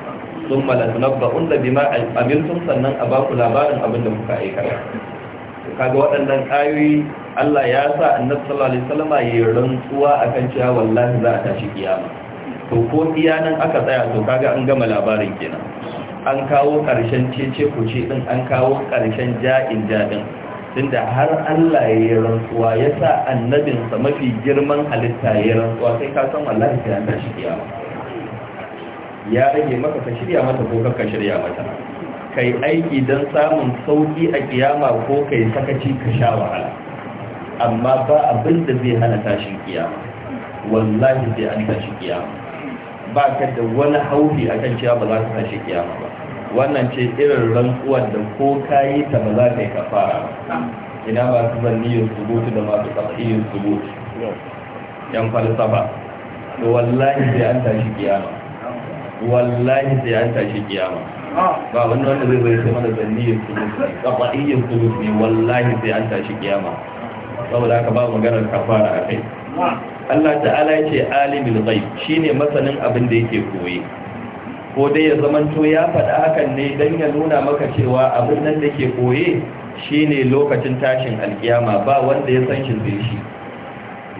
sun ba'un da bima amiltum sannan a baku labarin abin da muka aikata kaga waɗannan ayoyi Allah ya sa annabi sallallahu alaihi wasallam ya rantsuwa akan cewa wallahi za a tashi kiyama to ko kiyanan aka tsaya to kaga an gama labarin kenan an kawo ƙarshen cece ce din an kawo ƙarshen ja'in jadin tunda har Allah ya yi rantsuwa ya sa annabinsa mafi girman halitta ya rantsuwa sai ka san wallahi sai tashi kiyama ya rage maka ka shirya mata ko ka shirya mata kai aiki don samun sauki a kiyama ko kai sakaci ka sha wahala amma ba abin da zai hana tashin kiyama wallahi zai hana tashin kiyama ba ka da wani haufi a kan cewa ba za ka tashi kiyama ba wannan ce irin rantsuwar da ko ka yi ta ba za ka yi kafara ina ba su zanniyar subutu da masu tsakiyin subutu yan falsafa to wallahi sai an tashi kiyama wallahi sai an tashi kiyama ah. ba wani wanda zai zai sai mana zanniyar sulus ne tsaba'iyyar sulus ne wallahi sai an tashi kiyama saboda haka ba maganar kafara a kai ah. Allah ta'ala ce alimul shi ne masanin abin da yake koye. ko dai ya zamanto ya faɗa hakan ne don ya nuna maka cewa abin nan da ke koye shi ne lokacin tashin alkiyama ba wanda ya san shi zai shi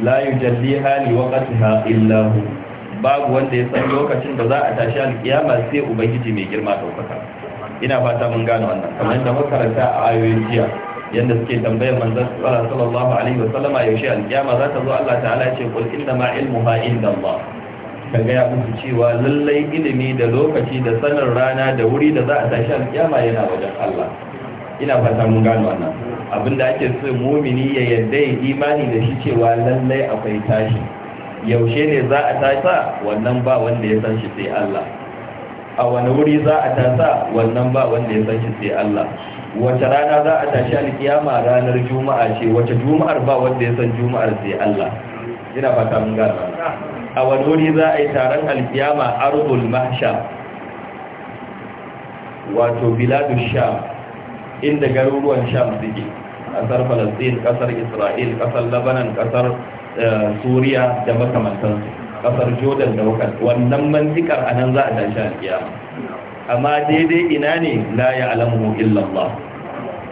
la yujalli hali waqtiha illa Illahu. babu wanda ya san lokacin da za a tashi alkiyama sai ubangiji mai girma daukaka ina fata mun gano wannan kamar da makaranta a ayoyin jiya yadda suke tambayar manzon Allah sallallahu alaihi wa sallama yaushe alkiyama za ta zo Allah ta'ala ce qul inna ma ilmuha inda Allah ka gaya musu cewa lallai ilimi da lokaci da sanin rana da wuri da za a tashi alkiyama yana wajen Allah ina fata mun gano wannan abinda ake so mumini ya yadda ya imani da shi cewa lallai akwai tashi yaushe ne za a tasa wannan ba wanda ya san shi sai Allah a wani wuri za a tasa wannan ba wanda ya san shi sai Allah wace rana za a tashi alkiyama ranar juma'a ce wace juma'ar ba wanda ya san juma'ar sai Allah ina fata mun gana a wani wuri za a yi taron alkiyama arbul mahsha wato biladu sham inda garuruwan sham suke kasar falastin ƙasar isra'il ƙasar labanan ƙasar…. Eh, suriya da makamantansu kasar jordan da wakar wannan manzikar a nan za a tashi a kiyama amma daidai ina ne la ya alamu illallah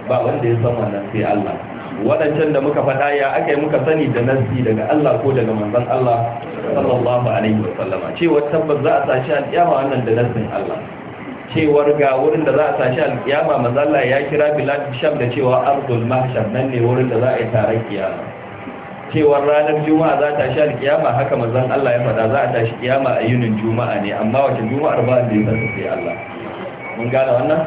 ba wanda ya san wannan sai Allah wadancan da muka faɗa ya aka yi muka sani da nasi daga Allah ko daga manzon Allah sallallahu alaihi wa sallama cewa tabbas za a tashi alƙiyama wannan da nasin Allah cewar ga wurin da za a tashi alƙiyama manzon Allah ya kira Bilal sham da cewa Abdul mahshar nan ne wurin da za a yi taron kiyama cewar ranar juma'a za ta sha alkiyama haka mazan Allah ya faɗa za a tashi kiyama a yunin juma'a ne amma wata juma'ar ba da yunar sai Allah mun gane wannan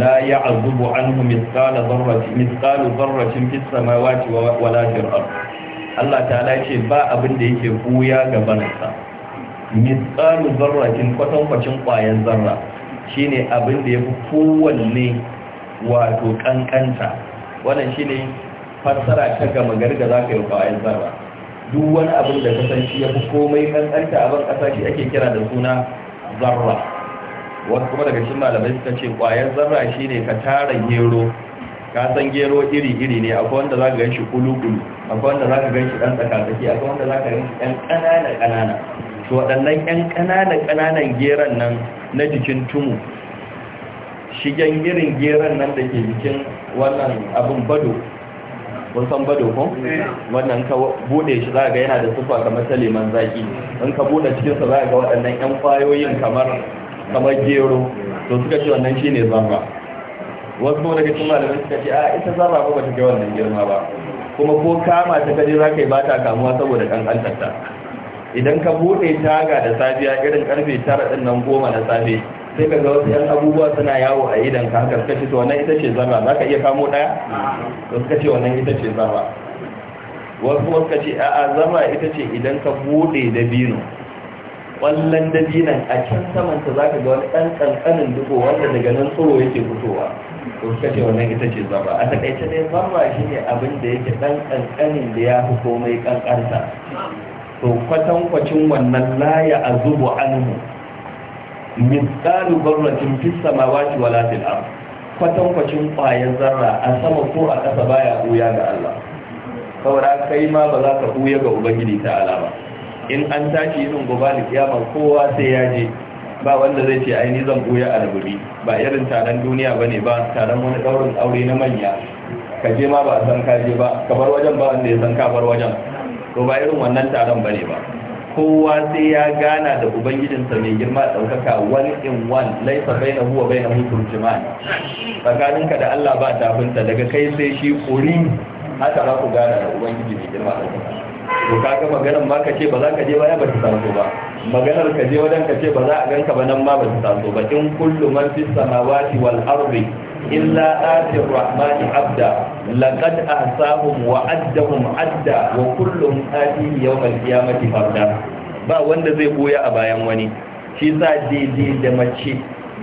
la ya'zubu anhu mithqala dharratin mithqalu dharratin fi samawati wa la fil ard Allah ta'ala ce ba abin da yake buya ga barinsa mithqalu dharratin kwacin kwayan zarra shine abin da yafi kowanne wato kankanta wannan shine Fasara ta gama gari da za ka yi wa ƙawayen zarra duk wani abin da shi ya fi komai kankanta a ban ƙasa shi ake kira da suna zarra wasu kuma daga cikin malamai suka ce ƙwayar zarra shine ka tara gero ka san gero iri-iri ne akwai wanda za ka gan shi kulu-kulu akwai wanda za ka gan shi ɗan tsakatsaki akwai wanda za ka gan shi ɗan ƙanana-ƙanana to waɗannan ƴan ƙanana-ƙananan geron nan na jikin tumu shigen irin geron nan da ke jikin wannan abin bado kun san bado ko wannan ka bude shi zaka ga yana da sufa kamar ta leman zaki in ka bude cikin sa zaka ga waɗannan ƴan kwayoyin kamar kamar gero to suka ce wannan shine zamba wasu kuma daga cikin malamin suka ce a ita zamba ba ta kai wannan girma ba kuma ko kama ta kaje zaka yi bata kamuwa saboda kankantar ta idan ka bude taga da safiya irin karfe 9 din nan goma na safe sai ka ga wasu yan abubuwa suna yawo a idan ka haka suka ce to wannan ita ce zama za ka iya kamo ɗaya to suka ce wannan ita ce zama wasu wasu ka ce a'a zama ita ce idan ka buɗe dabino ƙwallon dabinan a can saman ta za ka ga wani ɗan ƙanƙanin duko wanda daga nan tsoro yake fitowa ko suka ce wannan ita ce zama a taƙaice dai zama shi ne abin da yake ɗan ƙanƙanin da ya fi komai ƙanƙanta to kwatankwacin wannan laya a zubo anhu mithqalu dharratin ma samawati wala fil ard kwatankwacin ƙwayar zarra a sama ko a ƙasa baya uya ga Allah saura kai ma ba za ka ɓuya ga ubangiji ta alama in an tashi irin da kiyama kowa sai ya je ba wanda zai ce ni zan ɓuya a ba irin taron duniya ba ne ba taron wani ɗaurin aure na manya ka je ma ba a san ka je ba ka bar wajen ba wanda ya san ka bar wajen to ba irin wannan taron ba ne ba kowa sai ya gana da ubangijinsa mai girma ɗaukaka one in one laifa bai na huwa bai na hutun jimani tsakaninka da allah ba tafinta daga kai sai shi ƙuri. haka za ku gana da ubangiji mai girma ɗaukaka to ga maganar ma ka ce ba za ka je baya ba ta taso ba maganar ka je wajen ka ce ba za a ganka ba nan ma ba ta taso ba in kullu man fi samawati wal ardi illa ati rahmani abda laqad ahsahum wa addahum adda wa kullum ati yawm al qiyamati farda ba wanda zai boya a bayan wani shi sa daidai da mace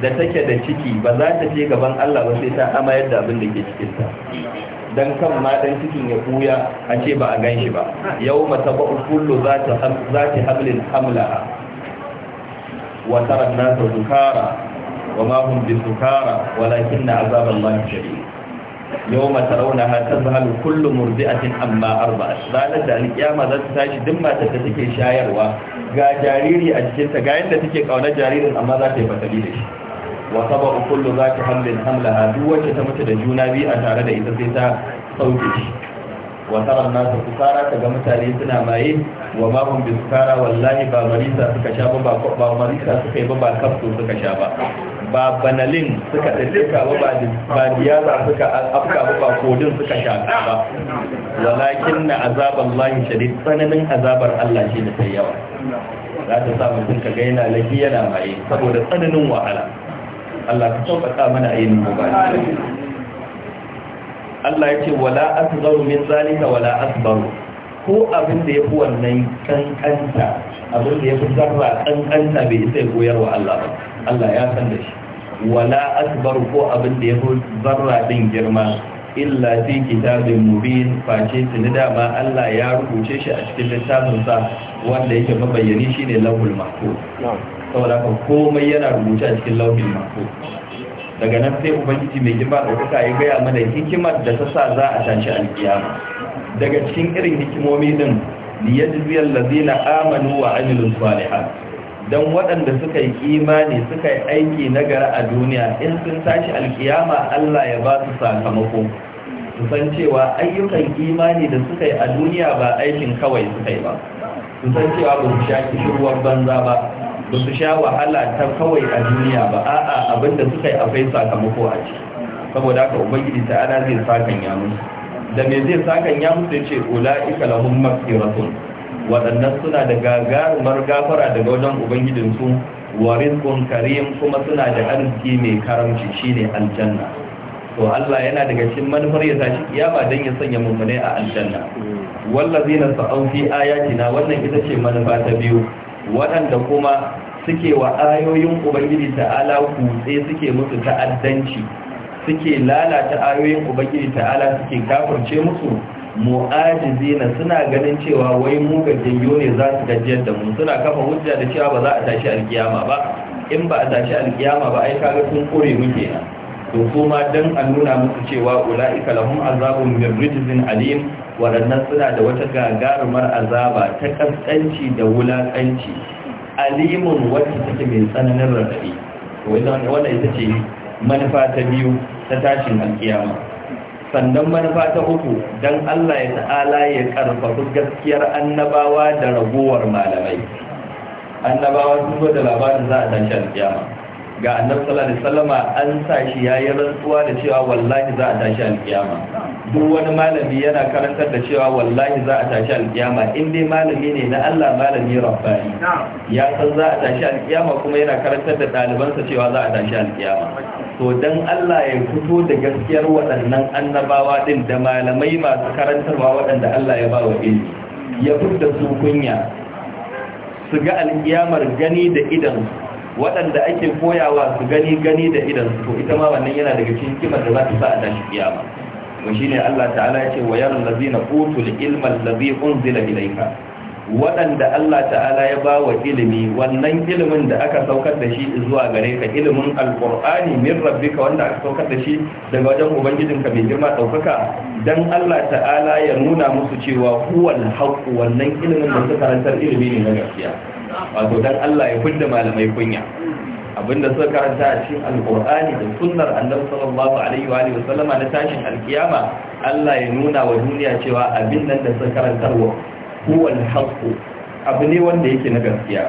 da take da ciki ba za ta je gaban Allah ba sai ta amayar da abin da ke cikinta dan kan ma dan cikin ya buya a ce ba a gan shi ba yau mata ba kullu za ta hablin hamla wa tara nasa sukara wa ma hum bi sukara walakin na azab Allah shari yau mata rauna ha ta zahalu kullu murdi'atin amma arba ranar da alƙiyama za ta tashi duk matar da take shayarwa ga jariri a cikinta ga yadda take ƙaunar jaririn amma za ta yi fatali da shi wa saba'u kullu zati hamlin hamlaha duk wacce ta mutu da juna biyu a tare da ita sai ta sauke shi wa tara nasu ta ga mutane suna maye wa ma hum bi sukara wallahi ba marisa suka sha ba ba marisa suka yi ba ba kafso suka sha ba ba banalin suka dalilka ba ba ba diyaza suka afka ba ba kodin suka sha ba walakin na azabar azaballahi shadid tsananin azabar Allah shi da sai yawa za ta sa mutum ka ga yana lafiya yana maye saboda tsananin wahala Allah ka sauƙaƙa mana ayin mu ba Allah ya ce wala asgharu min zalika wala asbaru ko abin da yafi wannan kankanta abin da yafi zarra kankanta bai isa koyar wa Allah ba Allah ya san da shi wala asbaru ko abin da yafi zarra din girma illa fi kitabin mubin face tuni dama Allah ya rubuce shi a cikin littafin sa wanda yake mabayyani shine lahul mahfuz saboda kan komai yana rubuta a cikin lauhin mako daga nan sai ubangiji mai da kuka yi gaya mana hikimar da ta sa za a tashi alkiyama daga cikin irin hikimomi din liyajziyal ladina amanu wa amilus salihat dan waɗanda suka yi imani suka yi aiki na nagara a duniya in sun tashi alkiyama Allah ya ba su sakamako su san cewa ayyukan imani da suka yi a duniya ba aikin kawai suka yi ba su san cewa ba su sha kishirwar banza ba ba su sha wahala ta kawai a duniya ba a'a abin da suka yi akwai sakamako a ciki saboda haka ubangiji ta ana zai sakan ya musu da me zai sakan ya musu ya ce ula'ika lahum maghfiratun waɗannan suna da gagarumar gafara daga wajen ubangijinsu wa rizqun karim kuma suna da arziki mai karamci shine aljanna to Allah yana daga cikin manufar ya tashi kiyama dan ya sanya mummune a aljanna wallazina sa'au fi ayatina wannan ita ce manufa ta biyu waɗanda kuma suke wa ayoyin ubangiji ta'ala kutse suke musu ta'addanci suke lalata ayoyin ubangiji ta'ala suke kafirce musu mu'ajizina suna ganin cewa wai mu gajiyayyo ne za su gajiyar da mu suna kafa hujja da cewa ba za a tashi alkiyama ba in ba a tashi alkiyama ba ai kaga sun kore muke na. to kuma dan a nuna musu cewa ula'ika lahum azabun min rijzin alim waɗannan suna da wata gagarumar azaba ta kaskanci da wulakanci alimun wata take mai tsananin radadi to wanda ita ce manufa ta biyu ta tashin alkiyama sannan manufa ta uku don Allah ya ta'ala ya karfafi gaskiyar annabawa da ragowar malamai annabawa sun zo da labarin za a tashi alkiyama ga annabi sallallahu alaihi wasallama an sa shi yayi rantsuwa da cewa wallahi za a tashi alkiyama duk wani malami yana karantar da cewa wallahi za a tashi alkiyama in dai malami ne na Allah malami rabbani ya san za a tashi alkiyama kuma yana karantar da ɗalibansa cewa za a tashi alkiyama to dan Allah ya fito da gaskiyar waɗannan annabawa din da malamai masu karantarwa waɗanda Allah ya ba wa ilmi ya fitar su kunya su ga alkiyamar gani da idan waɗanda ake koyawa su gani gani da idan to ita ma wannan yana daga cikin kimar da za ta sa a tashi kiyama mun shine Allah ta'ala ya ce wa yaral ladina utul ilma allazi unzila ilayka waɗanda Allah ta'ala ya ba wa ilimi wannan ilimin da aka saukar da shi zuwa gare ka ilimin alqur'ani min rabbika wanda aka saukar da shi daga wajen ubangijinka mai girma daukaka dan Allah ta'ala ya nuna musu cewa huwal haqq wannan ilimin da suka karantar ilimi ne na gaskiya wato dan Allah ya kunda malamai kunya abinda suka karanta a cikin alqur'ani da sunnar annabi sallallahu alaihi wa alihi wasallama na tashin alkiyama Allah ya nuna wa duniya cewa abin nan da suka karantarwa huwa alhaqu abu ne wanda yake na gaskiya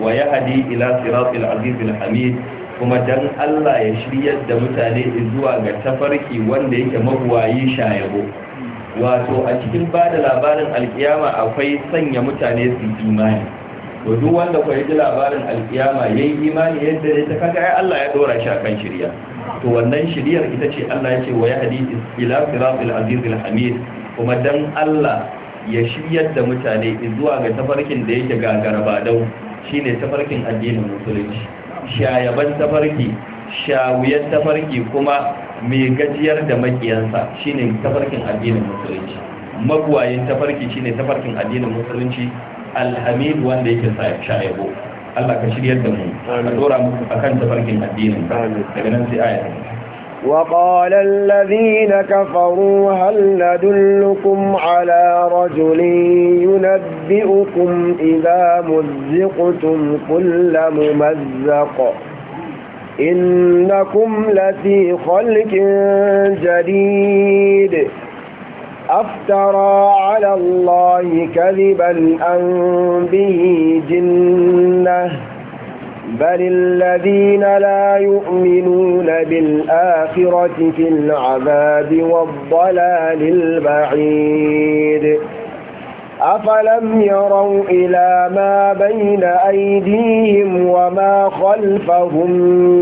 wa yahdi ila siratil aziz alhamid kuma dan Allah ya shiryar da mutane zuwa ga tafarki wanda yake magwayi shayabo wato a cikin bada labarin alkiyama akwai sanya mutane su imani to duk wanda kwa ji labarin alkiyama yayi imani yadda ne ta kaga ai Allah ya dora shi a kan shirya'? to wannan shiriyar ita ce Allah ya ce wa yahdi ila siratil azizil hamid kuma dan Allah ya shiryar da mutane zuwa ga tafarkin da yake gagara ba dau shine tafarkin addinin musulunci shayaban tafarki shawuyar tafarki kuma mai gajiyar da makiyansa shine tafarkin addinin musulunci magwayin tafarki shine tafarkin addinin musulunci alhamid wanda yake sa sha yabo Allah ka shiryar da mu a dora mu kan tafarkin addinin daga nan sai aya وقال الذين كفروا هل ندلكم على رجل ينبئكم إذا مزقتم كل ممزق إنكم لفي خلق جديد أفترى على الله كذبا أن به جنة بل الذين لا يؤمنون بالآخرة في العذاب والضلال البعيد أفلم يروا إلى ما بين أيديهم وما خلفهم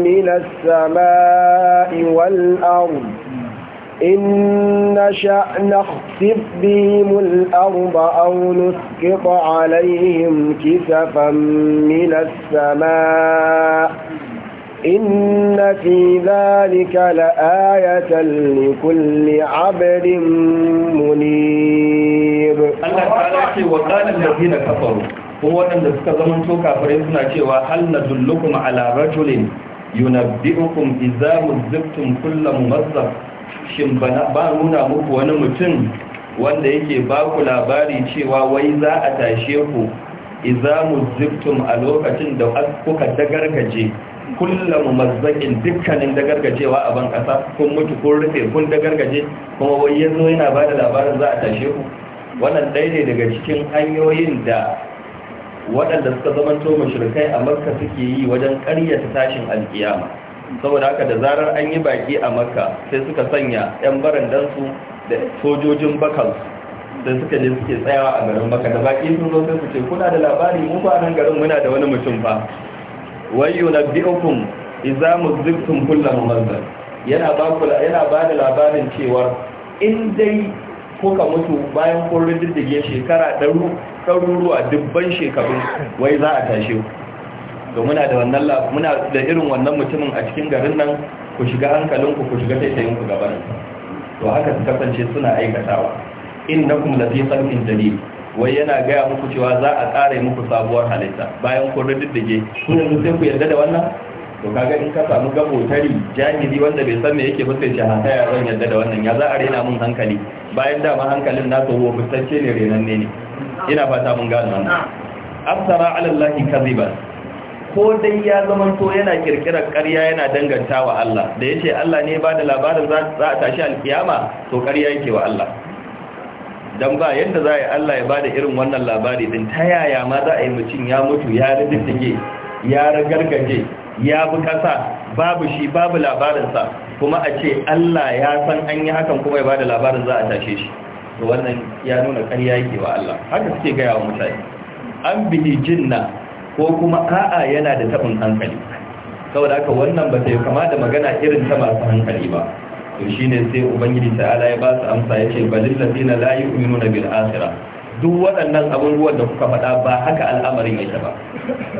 من السماء والأرض إن نشأ نخسف بهم الأرض أو نسقط عليهم كسفا من السماء إن في ذلك لآية لكل عبد منيب الله تعالى وقال الذين كفروا هو أن تكذبون توقع فريسنا كيوا هل ندلكم على رجل ينبئكم إذا مزقتم كل ممزق shin ba nuna muku wani mutum wanda yake ba ku labari cewa wai za a tashe ku iza mu ziftum a lokacin da kuka dagargaje kullum mazzakin dukkanin dagargajewa a ban kasa kun mutu kun rufe kun dagargaje kuma wai zo yana ba da labarin za a tashe ku wannan ɗaya ne daga cikin hanyoyin da waɗanda suka zamanto mashirkai a makka suke yi wajen ƙaryata tashin alkiyama saboda haka da zarar an yi baki a makka sai suka sanya 'yan barandansu da sojojin bakansu da suka je suke tsayawa a garin makka da baki sun zo sai su ce kuna da labari mu ba nan garin muna da wani mutum fa wayu nabbi'ukum idza muzibtum kullu mumazzal yana ba ku yana ba da labarin cewa in dai kuka mutu bayan kun riddige shekara ɗaruruwa dubban shekaru wai za a tashe ku to muna da wannan muna da irin wannan mutumin a cikin garin nan ku shiga hankalinku ku shiga taitayin ku gaban to haka su kasance suna aikatawa innakum lafi khalqin jadid wai yana gaya muku cewa za a tsare muku sabuwar halitta bayan kun riddige kun yanzu sai ku yarda da wannan to kaga in ka samu gabo tari jahili wanda bai san me yake ba sai ya ya ran yarda da wannan ya za a rena mun hankali bayan dama hankalin nasa ruwa fitacce ne renanne ne ina fata mun gano wannan afsara ala allahi kaziban ko dai ya zamanto yana kirkirar ƙarya yana danganta wa Allah da yace Allah ne ba da labarin za a tashi alkiyama to ƙarya yake wa Allah dan ba yadda za a yi Allah ya ba da irin wannan labari din ta yaya ma za a yi mutum ya mutu ya rididdige ya ragargaje ya bi kasa babu shi babu labarinsa kuma a ce Allah ya san an yi hakan kuma ya bada labarin za a tashe shi to wannan ya nuna ƙarya yake wa Allah haka suke gaya wa mutane an bihi jinna ko kuma a'a yana da tabin hankali saboda haka wannan ba sai kama da magana irin ta masu hankali ba to shine sai ubangiji ta'ala ya ba su amsa yace balil ladina la yu'minuna bil akhirah duk waɗannan abubuwan da kuka faɗa ba haka al'amarin yake ba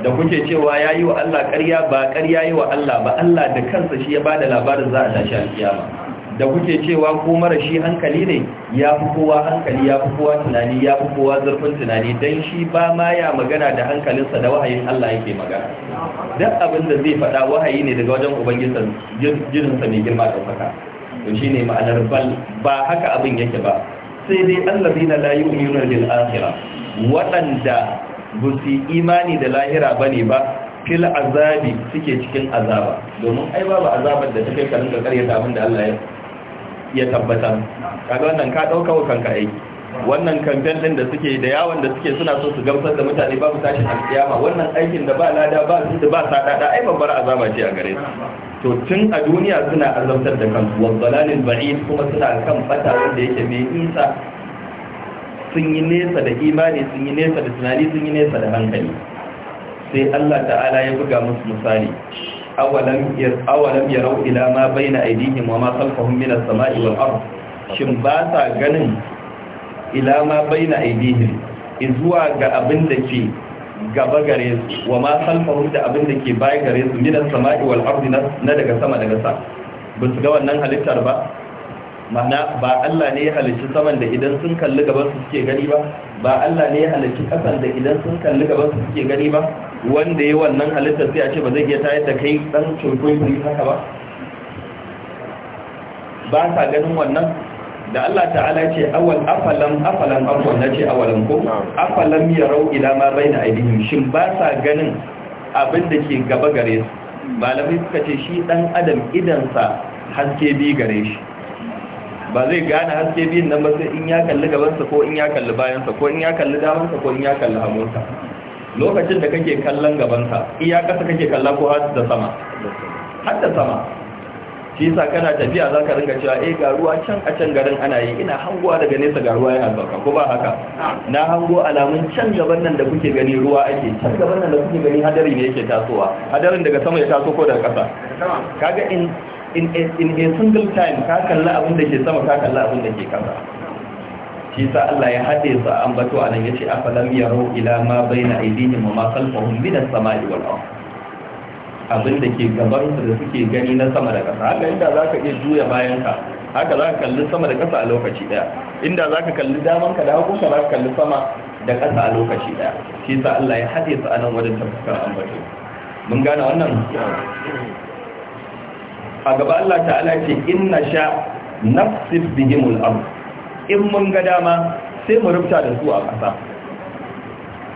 da kuke cewa yayi wa Allah ƙarya ba ƙarya yi wa Allah ba Allah da kansa shi ya bada labarin za a tashi alkiyama da kuke cewa ko mara shi hankali ne ya fi kowa hankali ya fi kowa tunani ya fi kowa zurfin tunani don shi ba ma ya magana da hankalinsa da wahayin Allah yake magana duk abin da zai faɗa wahayi ne daga wajen ubangijinsa jininsa mai girma faka to shi ne ma'anar ba haka abin yake ba sai dai allazina la yu'minuna bil akhirah waɗanda ba su imani da lahira ba ne ba fil azabi suke cikin azaba domin ai babu azabar da take karin da karyata abin da Allah ya ya tabbata kaga wannan ka dauka wukan kanka aiki wannan kamfen din da suke da yawon da suke suna so su gamsar da mutane babu tashin alkiyama wannan aikin da ba lada ba su da ba dada ai babbar azaba ce a gare su to tun a duniya suna azabtar da kansu waddalalin ba'id kuma suna kan fata wanda yake mai isa sun yi nesa da imani sun yi nesa da tunani sun yi nesa da hankali sai Allah ta'ala ya buga musu misali awalam awalam yarau ila ma baina aidihim wa ma khalfahum min as-sama'i wal ard shin ba sa ganin ila ma baina aidihim izuwa ga abin da ke gaba gare su wa ma khalfahum da abin da ke baya gare su min as-sama'i wal ard na daga sama daga sa ba su ga wannan halittar ba mana ba Allah ne ya halicci saman da idan sun kalli gaban su suke gani ba ba Allah ne ya halicci kasan da idan sun kalli gaban su suke gani ba wanda ya wannan halitta sai a ce ba zai iya tayar da kai dan cunkun su haka ba ba sa ganin wannan da Allah ta'ala ce awal afalan afalan afwan na ce awalan ko afalan yarau ila ma baina aidihim shin ba sa ganin abin da ke gaba gare su malamai suka ce shi dan adam idan sa haske bi gare shi ba zai gane haske biyun nan ba sai in ya kalli gabansa ko in ya kalli bayansa ko in ya kalli damansa ko in ya kalli hamunsa lokacin da kake kallon gabansa iya kasa kake kalla ko har da sama har da sama shi sa kana tafiya za ka ringa cewa eh ga ruwa can a can garin ana yi ina hangowa daga nesa ga ruwa yana sauka ko ba haka na hango alamun can gaban nan da kuke gani ruwa ake can gaban nan da kuke gani hadari ne yake tasowa hadarin daga sama ya taso ko daga ƙasa kaga in in a single time ka kalla abin da ke sama ka kalla abin da ke kasa shi sa Allah ya hade su a ambato a nan yace afalam yaro ila ma baina na wa ma khalfahum min as-sama'i wal ard abin da ke gaban su da suke gani na sama da kasa haka inda zaka iya juya bayan ka haka zaka kalli sama da kasa a lokaci daya inda zaka kalli daman ka da hagun ka zaka kalli sama da kasa a lokaci daya shi sa Allah ya hade su a nan wajen tafsirin ambato mun gane wannan a gaba Allah ta'ala ce inna sha nafsif bihimul ard in mun ga dama sai mu rubuta da su a ƙasa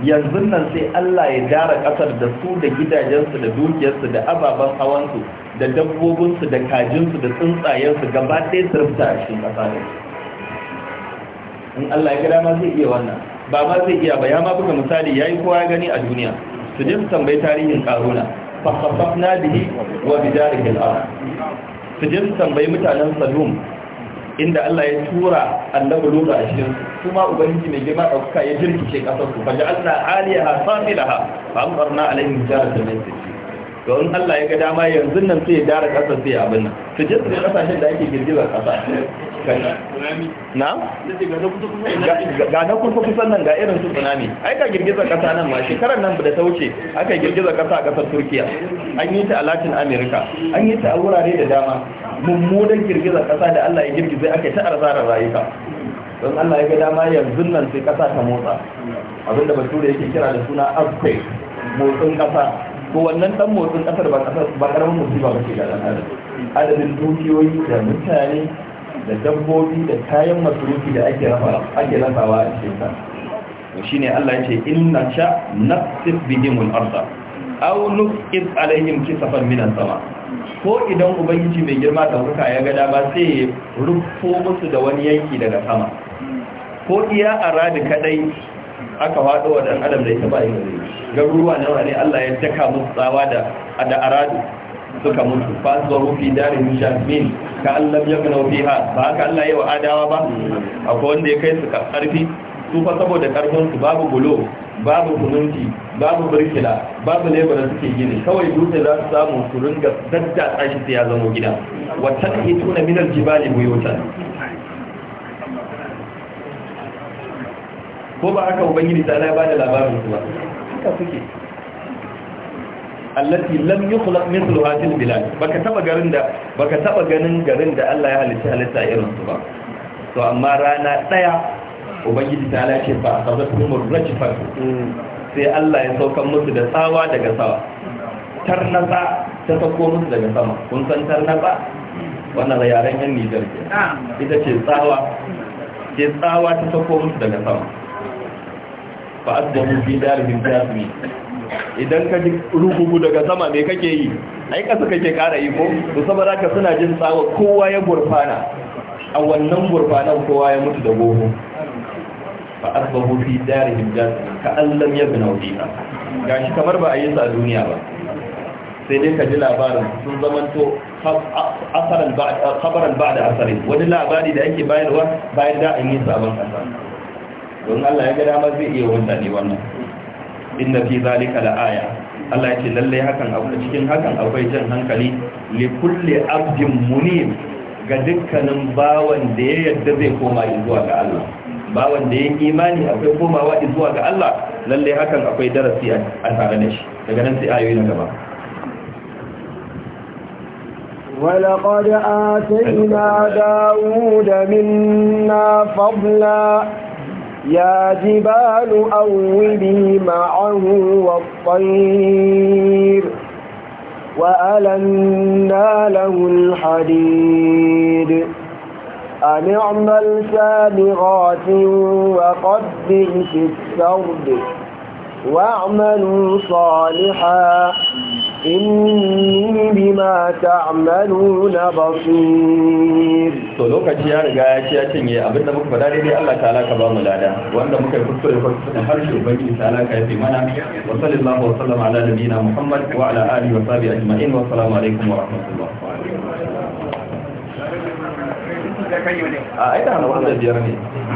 yanzu nan sai Allah ya dara ƙasar da su da gidajensu da dukiyarsu da ababen hawansu da dabbobinsu da kajinsu da tsuntsayensu gaba ɗaya su rubuta a cikin ƙasa ne in Allah ya gada ma zai iya wannan ba ma zai iya ba ya ma buga misali yayi kowa ya gani a duniya su je su tambayi tarihin ƙaruna fakhafafna bihi wa bidarihi al-ard su je su tambayi mutanen salon inda Allah ya tura annabi lura a cikin kuma ubangiji mai girma dauka ya jirkice kasar su faja Allah aliyaha safilaha fa amrna alaihim jaratan min to in Allah ya ga dama yanzu nan sai ya dara kasa sai ya abin nan Su je su kasashen da ake girgiza kasa na ga na kusa kusan nan ga irin su tsunami ai ka girgiza kasa nan ma shekarar nan da ta wuce aka girgiza kasa a kasar Turkiya an yi ta a Latin America an yi ta a wurare da dama mummunan girgiza kasa da Allah ya girgiza aka ta arzara rayuka don Allah ya ga dama yanzu nan sai kasa ta motsa abinda bature yake kira da suna earthquake motsin kasa ko wannan dan motsin kasar ba kasar ba karamin musiba ba ke ga al'ada. adadin dukiyoyi da mutane da dabbobi da kayan masarufi da ake rafa ake rafawa a cikin sa to shine Allah yace inna sha naqsif bihim al-ardh aw nuqit alaihim kisafan min as-sama ko idan ubangiji mai girma da huka ya ga dama sai ya rufo musu da wani yanki daga sama ko iya aradi kadai aka faɗo wa ɗan adam da ita ba yin garuruwa nawa ne Allah ya taka musu tsawa da da aradu suka mutu fa zuwa fi darin shafin ka Allah ya kana fiha ba haka Allah ya wa adawa ba akwai wanda ya kai su karfi su fa saboda karfin su babu bulo babu kununci babu birkila babu da suke gini kawai dutse za su samu su ringa dadda su ya zama gida wa tadhitu na minal jibali buyutan ko ba aka ubangiji ta ala ba da labarin su ba haka suke allati lam yukhlaq mithluha fil bilad baka taba garin da baka taba ganin garin da Allah ya halitta halitta irin su ba to amma rana daya ubangiji ta ala ce fa asabatum rajfat mm. sai Allah ya sauka musu da tsawa daga sama tarnatsa ta sauko musu daga sama kun san tarnaza? wannan yaren yan Nijar ah. ita ce tsawa ce tsawa ta sauko musu daga sama fa asbahu fi darihim jazmi idan ka ji rugugu daga sama me kake yi ai suka ke kara yi ko to saboda ka suna jin tsawa kowa ya gurfana a wannan gurfanan kowa ya mutu da gogo fa asbahu fi darihim jazmi ka allam yabna fiha gashi kamar ba a yi sa duniya ba sai dai ka ji labarin sun zamanto asaran ba'da asarin wani labari da ake bayarwa bayan da an yi sabon kasa don Allah ya ga dama zai iya wanda ne wannan inna fi zalika la'aya Allah ya ce lalle hakan abu cikin hakan akwai jan hankali li kulli abdin munib ga dukkanin bawan da ya yadda zai koma zuwa ga Allah bawan da ya imani akwai komawa zuwa ga Allah lalle hakan akwai darasi a tare da shi daga nan sai ayoyi na gaba ولقد آتينا داود منا فضلا يا جبال أولي معه والطير وألنا له الحديد أن اعمل سابغات وقدر في السرد واعملوا صالحا inni bima ta'maluna basir to lokaci ya riga ya ce ya cinye abinda muka fada daidai Allah ta'ala ka ba mu lada wanda muka kuskure ko kuskure harshe ubangiji ta'ala ka yafe mana wa sallallahu wa sallama ala nabiyyina muhammad wa ala alihi wa sahbihi ajma'in wa assalamu alaikum wa rahmatullah a aida na wanda biyar ne